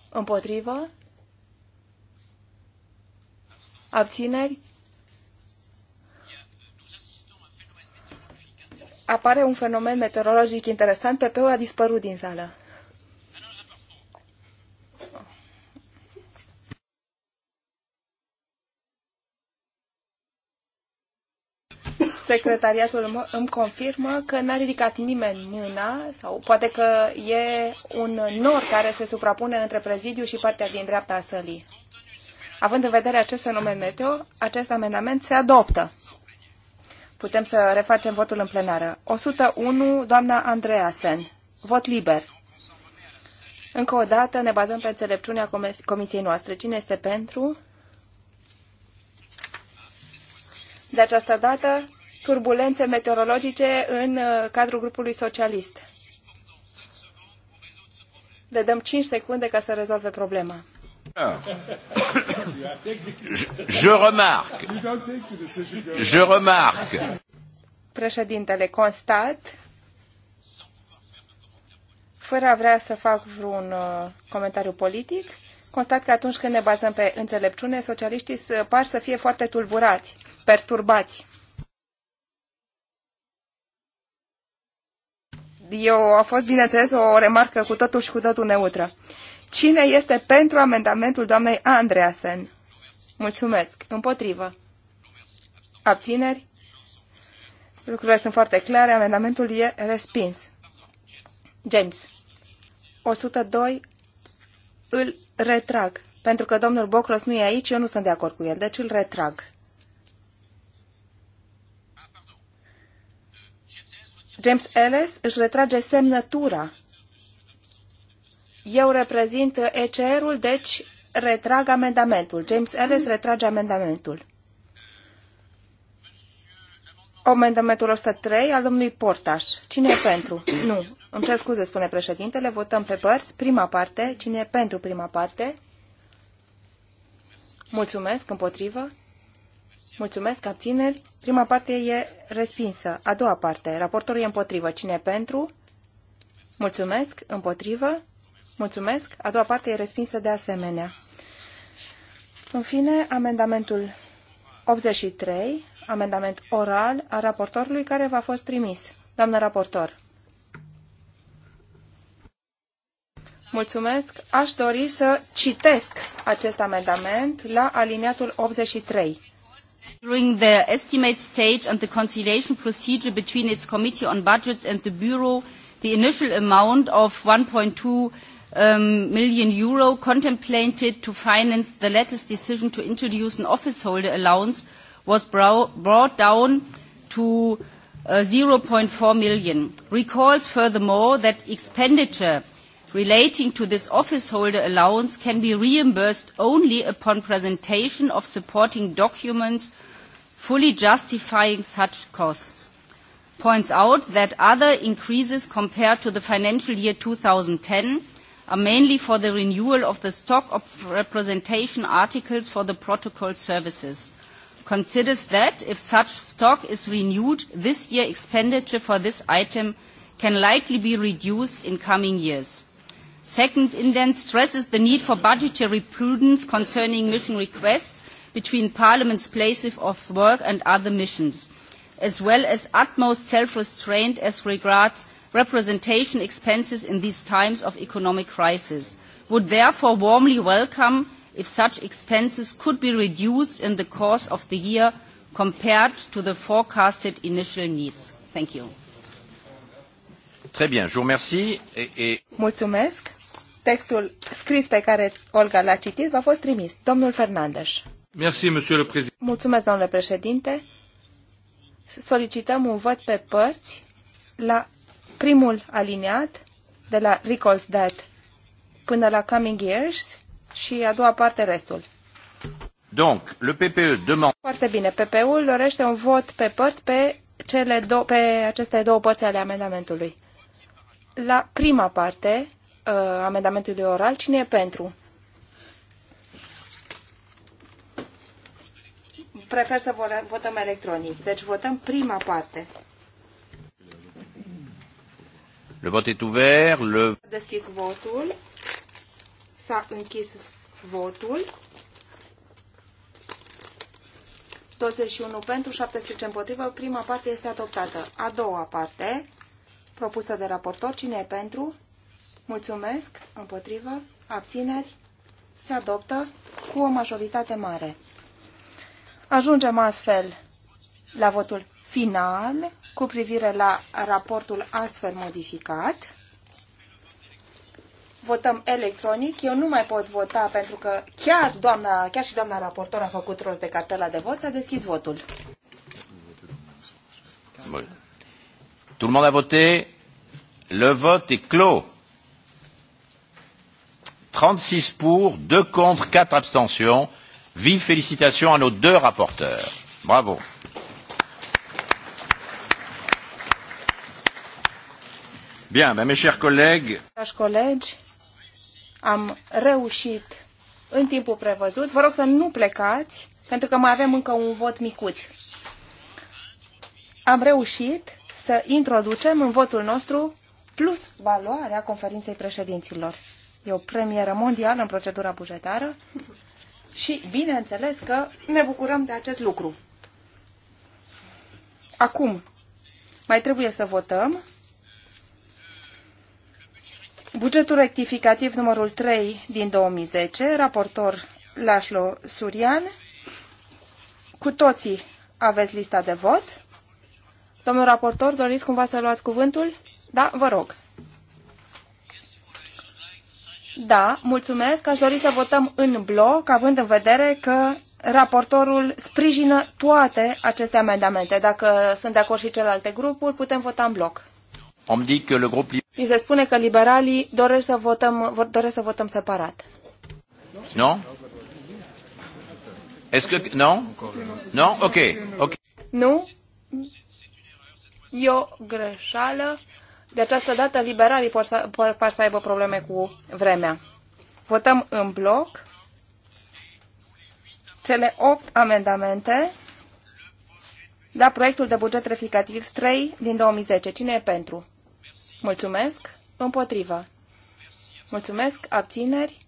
Împotrivă? Abțineri? Apare un fenomen meteorologic interesant. PP-ul a dispărut din sală. secretariatul îmi confirmă că n-a ridicat nimeni mâna sau poate că e un nor care se suprapune între prezidiu și partea din dreapta a sălii. Având în vedere acest fenomen meteo, acest amendament se adoptă. Putem să refacem votul în plenară. 101, doamna Andreasen. Vot liber. Încă o dată ne bazăm pe înțelepciunea comisiei noastre. Cine este pentru? De această dată turbulențe meteorologice în uh, cadrul grupului socialist. Le dăm 5 secunde ca să rezolve problema. Je remarque. Je remarque. Președintele constat fără a vrea să fac vreun uh, comentariu politic, constat că atunci când ne bazăm pe înțelepciune, socialiștii par să fie foarte tulburați, perturbați. eu, a fost, bineînțeles, o remarcă cu totul și cu totul neutră. Cine este pentru amendamentul doamnei Andreasen? Mulțumesc. Împotrivă. Abțineri? Lucrurile sunt foarte clare. Amendamentul e respins. James. 102 îl retrag. Pentru că domnul Bocros nu e aici, eu nu sunt de acord cu el, deci îl retrag. James Ellis își retrage semnătura. Eu reprezint ECR-ul, deci retrag amendamentul. James Ellis retrage amendamentul. Amendamentul 103 al domnului Portaș. Cine e pentru? Nu. Îmi cer scuze, spune președintele. Votăm pe părți. Prima parte. Cine e pentru prima parte? Mulțumesc. Împotrivă. Mulțumesc, abțineri. Prima parte e respinsă. A doua parte, raportorul e împotrivă. Cine pentru? Mulțumesc, împotrivă. Mulțumesc. A doua parte e respinsă de asemenea. În fine, amendamentul 83, amendament oral a raportorului care v-a fost trimis. Doamnă raportor. Mulțumesc. Aș dori să citesc acest amendament la aliniatul 83. During the estimate stage and the conciliation procedure between its Committee on Budgets and the Bureau, the initial amount of 1.2 um, million euro contemplated to finance the latest decision to introduce an office holder allowance was brought down to uh, 0.4 million. Recalls furthermore that expenditure relating to this office holder allowance can be reimbursed only upon presentation of supporting documents fully justifying such costs. Points out that other increases compared to the financial year 2010 are mainly for the renewal of the stock of representation articles for the protocol services. Considers that if such stock is renewed this year, expenditure for this item can likely be reduced in coming years. Second indent stresses the need for budgetary prudence concerning mission requests between Parliament's places of work and other missions, as well as utmost self-restraint as regards representation expenses in these times of economic crisis. Would therefore warmly welcome if such expenses could be reduced in the course of the year compared to the forecasted initial needs. Thank you. Très bien, je vous remercie. Et, et... Mulțumesc textul scris pe care Olga l-a citit v-a fost trimis. Domnul Fernandes. Merci, monsieur le président. Mulțumesc, domnule președinte. Solicităm un vot pe părți la primul aliniat de la Recalls That până la Coming Years și a doua parte restul. Donc, le PPE demande... Foarte bine. PPE-ul dorește un vot pe părți pe, cele do- pe aceste două părți ale amendamentului. La prima parte, Uh, amendamentului oral. Cine e pentru? Prefer să votăm electronic. Deci votăm prima parte. Le vot est ouvert. Le... Deschis votul. S-a închis votul. 21 pentru, 17 împotrivă. Prima parte este adoptată. A doua parte, propusă de raportor, cine e pentru? Mulțumesc. Împotrivă. Abțineri. Se adoptă cu o majoritate mare. Ajungem astfel la votul final cu privire la raportul astfel modificat. Votăm electronic. Eu nu mai pot vota pentru că chiar, doamna, chiar și doamna raportor a făcut rost de cartela de vot. S-a deschis votul. Tout le monde a voté. Le vote est clos. 36 pour, 2 contre, 4 abstentions. Vive félicitations à nos deux rapporteurs. Bravo. Bien, ben mes chers collègues. Chers colegi, am reușit în timpul prevăzut. Vă rog să nu plecați, pentru că mai avem încă un vot micuț. Am reușit să introducem în votul nostru plus valoarea conferinței președinților. E o premieră mondială în procedura bugetară și, bineînțeles, că ne bucurăm de acest lucru. Acum, mai trebuie să votăm bugetul rectificativ numărul 3 din 2010, raportor Lașlo Surian. Cu toții aveți lista de vot. Domnul raportor, doriți cumva să luați cuvântul? Da, vă rog. Da, mulțumesc. Aș dori să votăm în bloc, având în vedere că raportorul sprijină toate aceste amendamente. Dacă sunt de acord și celelalte grupuri, putem vota în bloc. Mi se spune că liberalii doresc să votăm, doresc să votăm separat. Nu? Est-ce que... Non? Non? Ok. okay. Nu? E o greșeală. De această dată, liberalii par să, par să aibă probleme cu vremea. Votăm în bloc cele 8 amendamente la proiectul de buget reficativ 3 din 2010. Cine e pentru? Mulțumesc. Împotriva. Mulțumesc. Abțineri.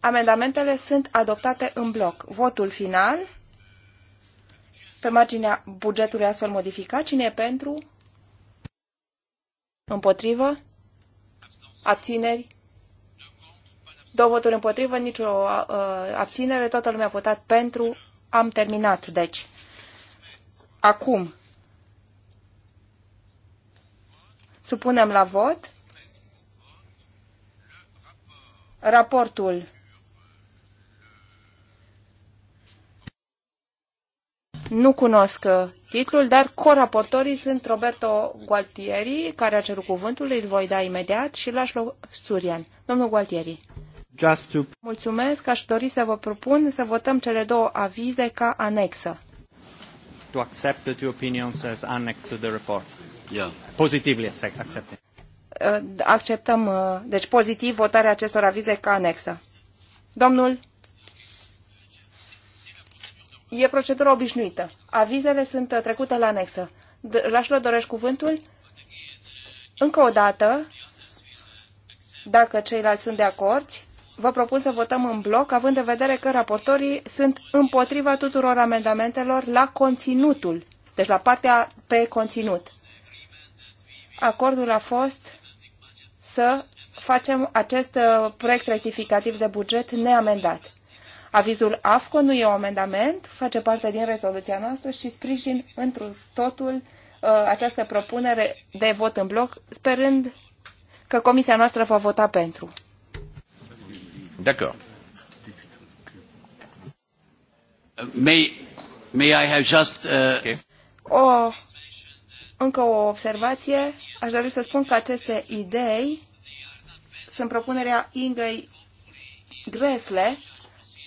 Amendamentele sunt adoptate în bloc. Votul final pe marginea bugetului astfel modificat. Cine e pentru? Împotrivă? Abțineri? Două voturi împotrivă, nicio uh, abținere, toată lumea a votat pentru. Am terminat, deci. Acum, supunem la vot raportul Nu cunosc uh, titlul, dar coraportorii sunt Roberto Gualtieri, care a cerut cuvântul, îl voi da imediat, și Lașlo Surian. Domnul Gualtieri. Just to... Mulțumesc, aș dori să vă propun să votăm cele două avize ca anexă. To accept the two opinions as annex to the report. Yeah. Positively accept it. Uh, acceptăm, uh, deci pozitiv, votarea acestor avize ca anexă. Domnul E procedura obișnuită. Avizele sunt uh, trecute la anexă. Lașlo, dorești cuvântul? Încă o dată, dacă ceilalți sunt de acord, vă propun să votăm în bloc, având în vedere că raportorii sunt împotriva tuturor amendamentelor la conținutul, deci la partea pe conținut. Acordul a fost să facem acest uh, proiect rectificativ de buget neamendat. Avizul AFCO nu e un amendament, face parte din rezoluția noastră și sprijin într totul uh, această propunere de vot în bloc, sperând că comisia noastră va vota pentru. D'accord. May, may I have just, uh... o, încă o observație. Aș dori să spun că aceste idei sunt propunerea Ingei Gresle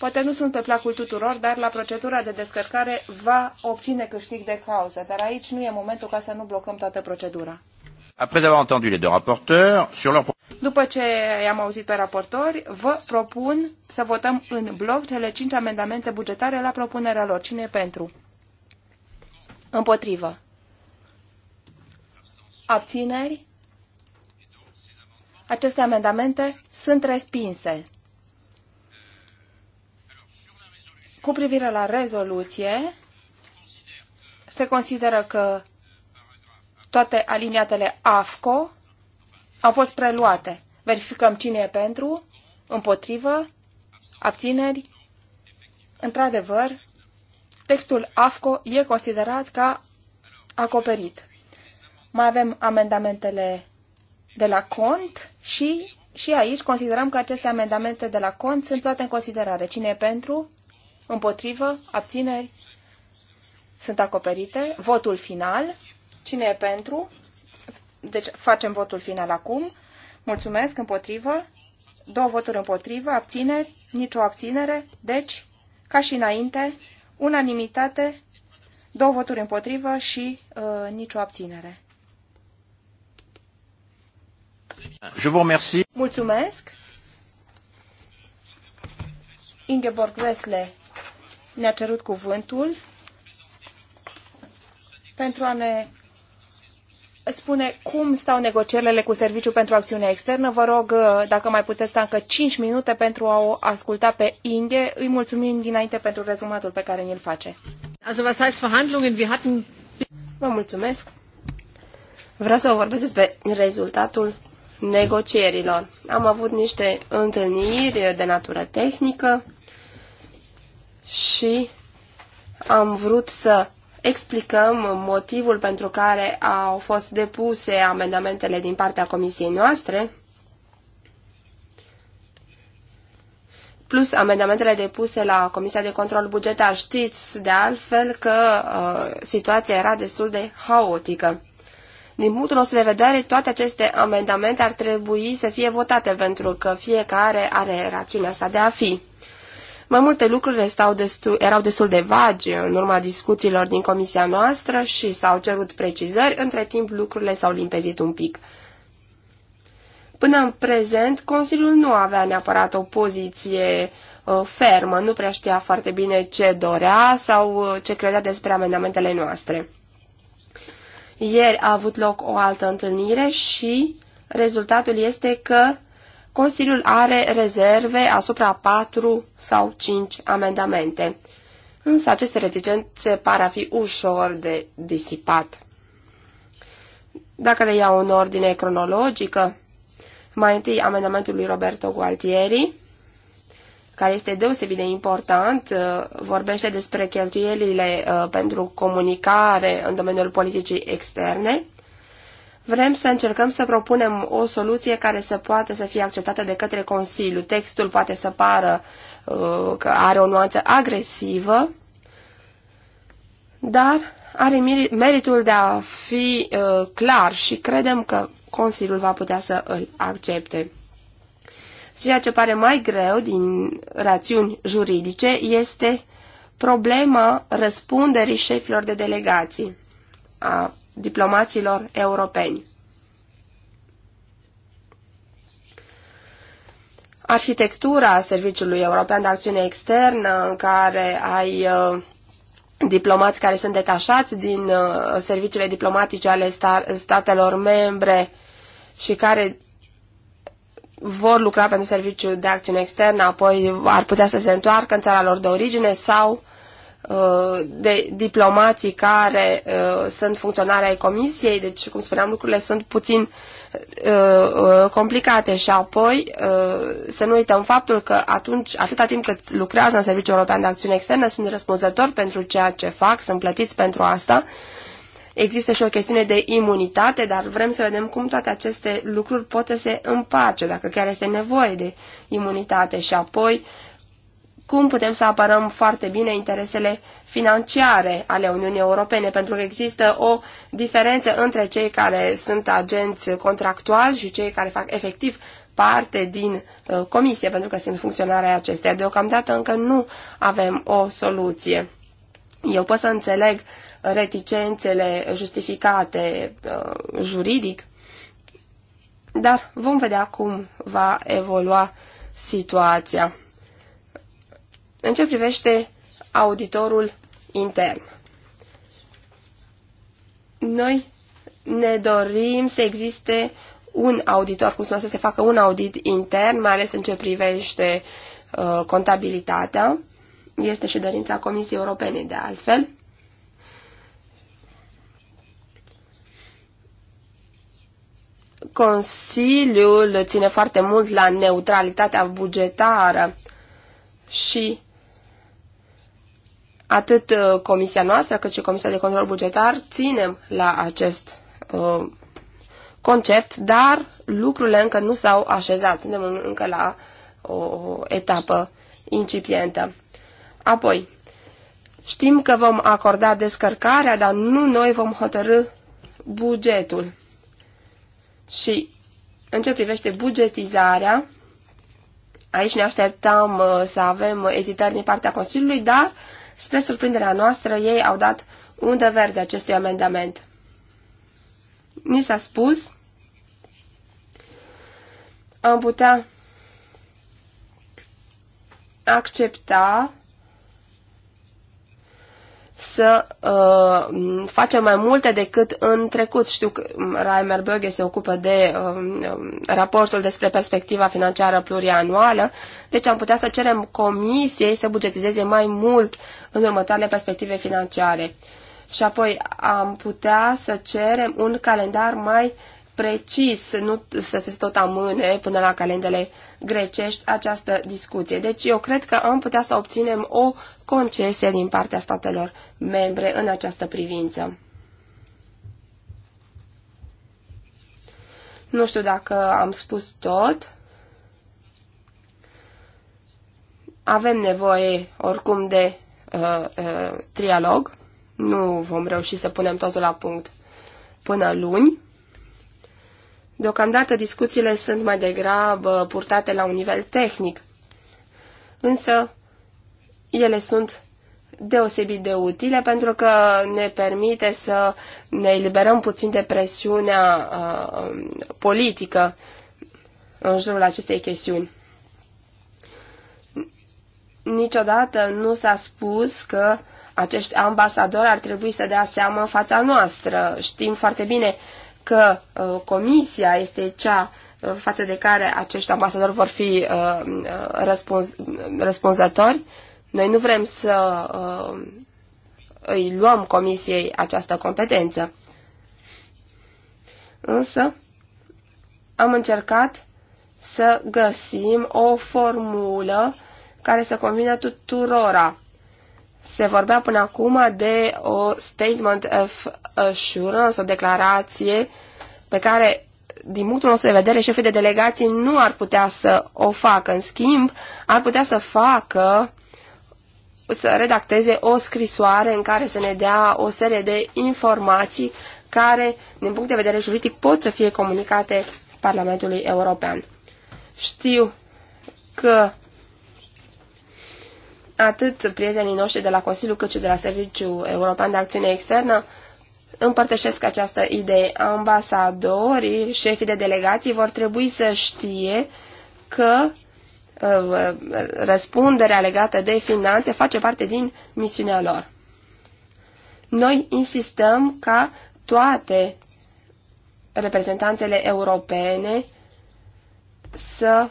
poate nu sunt pe placul tuturor, dar la procedura de descărcare va obține câștig de cauză. Dar aici nu e momentul ca să nu blocăm toată procedura. Après avoir entendu les deux rapporteurs, sur leur... După ce i-am auzit pe raportori, vă propun să votăm în bloc cele cinci amendamente bugetare la propunerea lor. Cine e pentru? Împotrivă. Abțineri? Aceste amendamente sunt respinse. Cu privire la rezoluție, se consideră că toate aliniatele AFCO au fost preluate. Verificăm cine e pentru, împotrivă, abțineri. Într-adevăr, textul AFCO e considerat ca acoperit. Mai avem amendamentele de la cont și, și aici considerăm că aceste amendamente de la cont sunt toate în considerare. Cine e pentru? Împotrivă? Abțineri? Sunt acoperite. Votul final. Cine e pentru? Deci facem votul final acum. Mulțumesc. Împotrivă? Două voturi împotrivă. Abțineri? Nicio abținere. Deci, ca și înainte, unanimitate, două voturi împotrivă și uh, nicio abținere. Je vous remercie. Mulțumesc. Ingeborg Vesle ne-a cerut cuvântul pentru a ne spune cum stau negocierile cu Serviciul pentru Acțiune Externă. Vă rog, uh, dacă mai puteți sta încă 5 minute pentru a o asculta pe Inge. Îi mulțumim dinainte pentru rezumatul pe care ni-l face. Also, was heißt Verhandlungen? Wir hatten... Vă mulțumesc. Vreau să vorbesc despre rezultatul negocierilor. Am avut niște întâlniri de natură tehnică și am vrut să explicăm motivul pentru care au fost depuse amendamentele din partea comisiei noastre, plus amendamentele depuse la Comisia de Control Bugetar. Știți de altfel că uh, situația era destul de haotică. Din punctul nostru de vedere, toate aceste amendamente ar trebui să fie votate pentru că fiecare are rațiunea sa de a fi. Mai multe lucruri stau destul, erau destul de vagi în urma discuțiilor din comisia noastră și s-au cerut precizări, între timp lucrurile s-au limpezit un pic. Până în prezent, Consiliul nu avea neapărat o poziție uh, fermă, nu prea știa foarte bine ce dorea sau uh, ce credea despre amendamentele noastre. Ieri a avut loc o altă întâlnire și rezultatul este că Consiliul are rezerve asupra patru sau cinci amendamente, însă aceste reticențe par a fi ușor de disipat. Dacă le iau în ordine cronologică, mai întâi amendamentul lui Roberto Gualtieri, care este deosebit de important, uh, vorbește despre cheltuielile uh, pentru comunicare în domeniul politicii externe, Vrem să încercăm să propunem o soluție care să poată să fie acceptată de către Consiliu. Textul poate să pară uh, că are o nuanță agresivă, dar are meritul de a fi uh, clar și credem că Consiliul va putea să îl accepte. Ceea ce pare mai greu din rațiuni juridice este problema răspunderii șefilor de delegații, a diplomaților europeni. Arhitectura Serviciului European de Acțiune Externă, în care ai uh, diplomați care sunt detașați din uh, serviciile diplomatice ale statelor membre și care vor lucra pentru serviciul de acțiune externă, apoi ar putea să se întoarcă în țara lor de origine sau Uh, de diplomații care uh, sunt funcționari ai comisiei, deci, cum spuneam, lucrurile sunt puțin uh, complicate și apoi să nu uităm faptul că atunci, atâta timp cât lucrează în Serviciul European de Acțiune Externă, sunt răspunzători pentru ceea ce fac, sunt plătiți pentru asta, Există și o chestiune de imunitate, dar vrem să vedem cum toate aceste lucruri pot să se împace, dacă chiar este nevoie de imunitate. Și apoi cum putem să apărăm foarte bine interesele financiare ale Uniunii Europene, pentru că există o diferență între cei care sunt agenți contractuali și cei care fac efectiv parte din uh, comisie, pentru că sunt funcționarea acesteia. Deocamdată încă nu avem o soluție. Eu pot să înțeleg reticențele justificate uh, juridic, dar vom vedea cum va evolua situația. În ce privește auditorul intern? Noi ne dorim să existe un auditor, cum spuneam, să se facă un audit intern, mai ales în ce privește uh, contabilitatea. Este și dorința Comisiei Europene, de altfel. Consiliul ține foarte mult la neutralitatea bugetară și atât uh, comisia noastră cât și comisia de control bugetar ținem la acest uh, concept, dar lucrurile încă nu s-au așezat. Suntem încă la o etapă incipientă. Apoi, știm că vom acorda descărcarea, dar nu noi vom hotărâ bugetul. Și în ce privește bugetizarea, aici ne așteptam uh, să avem ezitări din partea Consiliului, dar uh, Spre surprinderea noastră, ei au dat undă verde acestui amendament. Ni s-a spus, am putea accepta să uh, facem mai multe decât în trecut. Știu că Reimer Böge se ocupă de uh, raportul despre perspectiva financiară plurianuală, deci am putea să cerem comisiei să bugetizeze mai mult în următoarele perspective financiare. Și apoi am putea să cerem un calendar mai precis, nu să se tot amâne până la calendele grecești această discuție. Deci eu cred că am putea să obținem o concesie din partea statelor membre în această privință. Nu știu dacă am spus tot. Avem nevoie oricum de uh, uh, trialog. Nu vom reuși să punem totul la punct până luni. Deocamdată discuțiile sunt mai degrabă purtate la un nivel tehnic, însă ele sunt deosebit de utile pentru că ne permite să ne eliberăm puțin de presiunea uh, um, politică în jurul acestei chestiuni. Niciodată nu s-a spus că acești ambasadori ar trebui să dea seama în fața noastră. Știm foarte bine uh, că uh, comisia este cea uh, față de care acești ambasadori vor fi uh, uh, răspuns, răspunzători. Noi nu vrem să uh, îi luăm comisiei această competență. Însă am încercat să găsim o formulă care să convină tuturora se vorbea până acum de o statement of assurance, o declarație pe care, din punctul nostru de vedere, șefii de delegații nu ar putea să o facă. În schimb, ar putea să facă să redacteze o scrisoare în care să ne dea o serie de informații care, din punct de vedere juridic, pot să fie comunicate Parlamentului European. Știu că atât prietenii noștri de la Consiliu cât și de la Serviciul European de Acțiune Externă împărtășesc această idee. Ambasadorii, șefii de delegații vor trebui să știe că uh, răspunderea legată de finanțe face parte din misiunea lor. Noi insistăm ca toate reprezentanțele europene să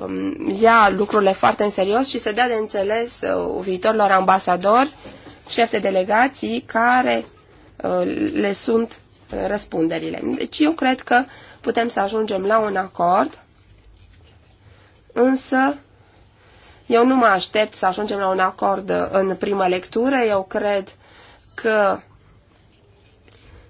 Um, ia lucrurile foarte în serios și să dea de înțeles uh, viitorilor ambasadori, șef de delegații, care uh, le sunt uh, răspunderile. Deci eu cred că putem să ajungem la un acord, însă eu nu mă aștept să ajungem la un acord în prima lectură. Eu cred că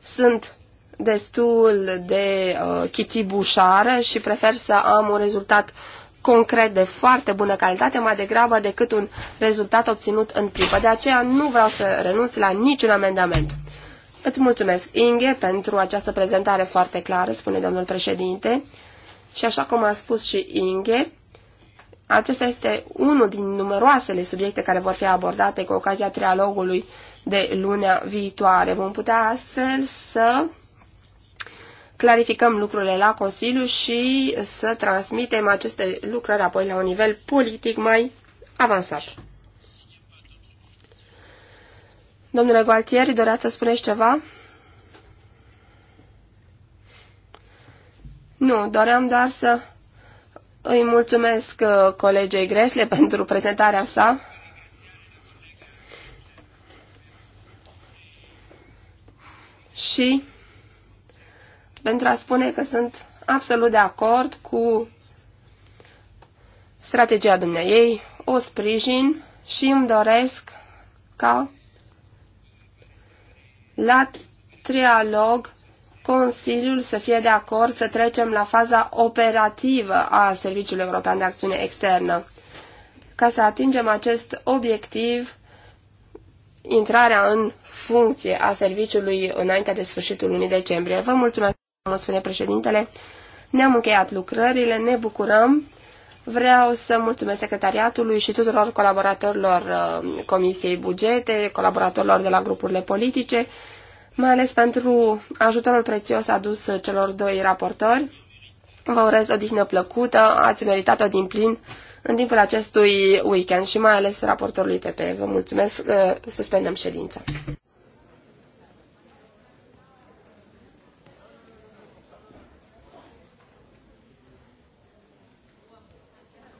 sunt destul de uh, chitibușară și prefer să am un rezultat concret de foarte bună calitate, mai degrabă decât un rezultat obținut în pripă. De aceea nu vreau să renunț la niciun amendament. Îți mulțumesc, Inge, pentru această prezentare foarte clară, spune domnul președinte. Și așa cum a spus și Inge, acesta este unul din numeroasele subiecte care vor fi abordate cu ocazia trialogului de lunea viitoare. Vom putea astfel să clarificăm lucrurile la Consiliu și să transmitem aceste lucrări apoi la un nivel politic mai avansat. Domnule Gualtieri, doreați să spuneți ceva? Nu, doream doar să îi mulțumesc uh, colegei Gresle pentru prezentarea sa. Și pentru a spune că sunt absolut de acord cu strategia dumneiei, o sprijin și îmi doresc ca la trialog Consiliul să fie de acord să trecem la faza operativă a Serviciului European de Acțiune Externă. Ca să atingem acest obiectiv, intrarea în funcție a serviciului înainte de sfârșitul lunii decembrie. Vă mulțumesc! spune președintele. Ne-am încheiat lucrările, ne bucurăm. Vreau să mulțumesc secretariatului și tuturor colaboratorilor uh, Comisiei Bugete, colaboratorilor de la grupurile politice, mai ales pentru ajutorul prețios adus celor doi raportori. Vă urez o dihnă plăcută, ați meritat-o din plin în timpul acestui weekend și mai ales raportorului PP. Vă mulțumesc, uh, suspendăm ședința.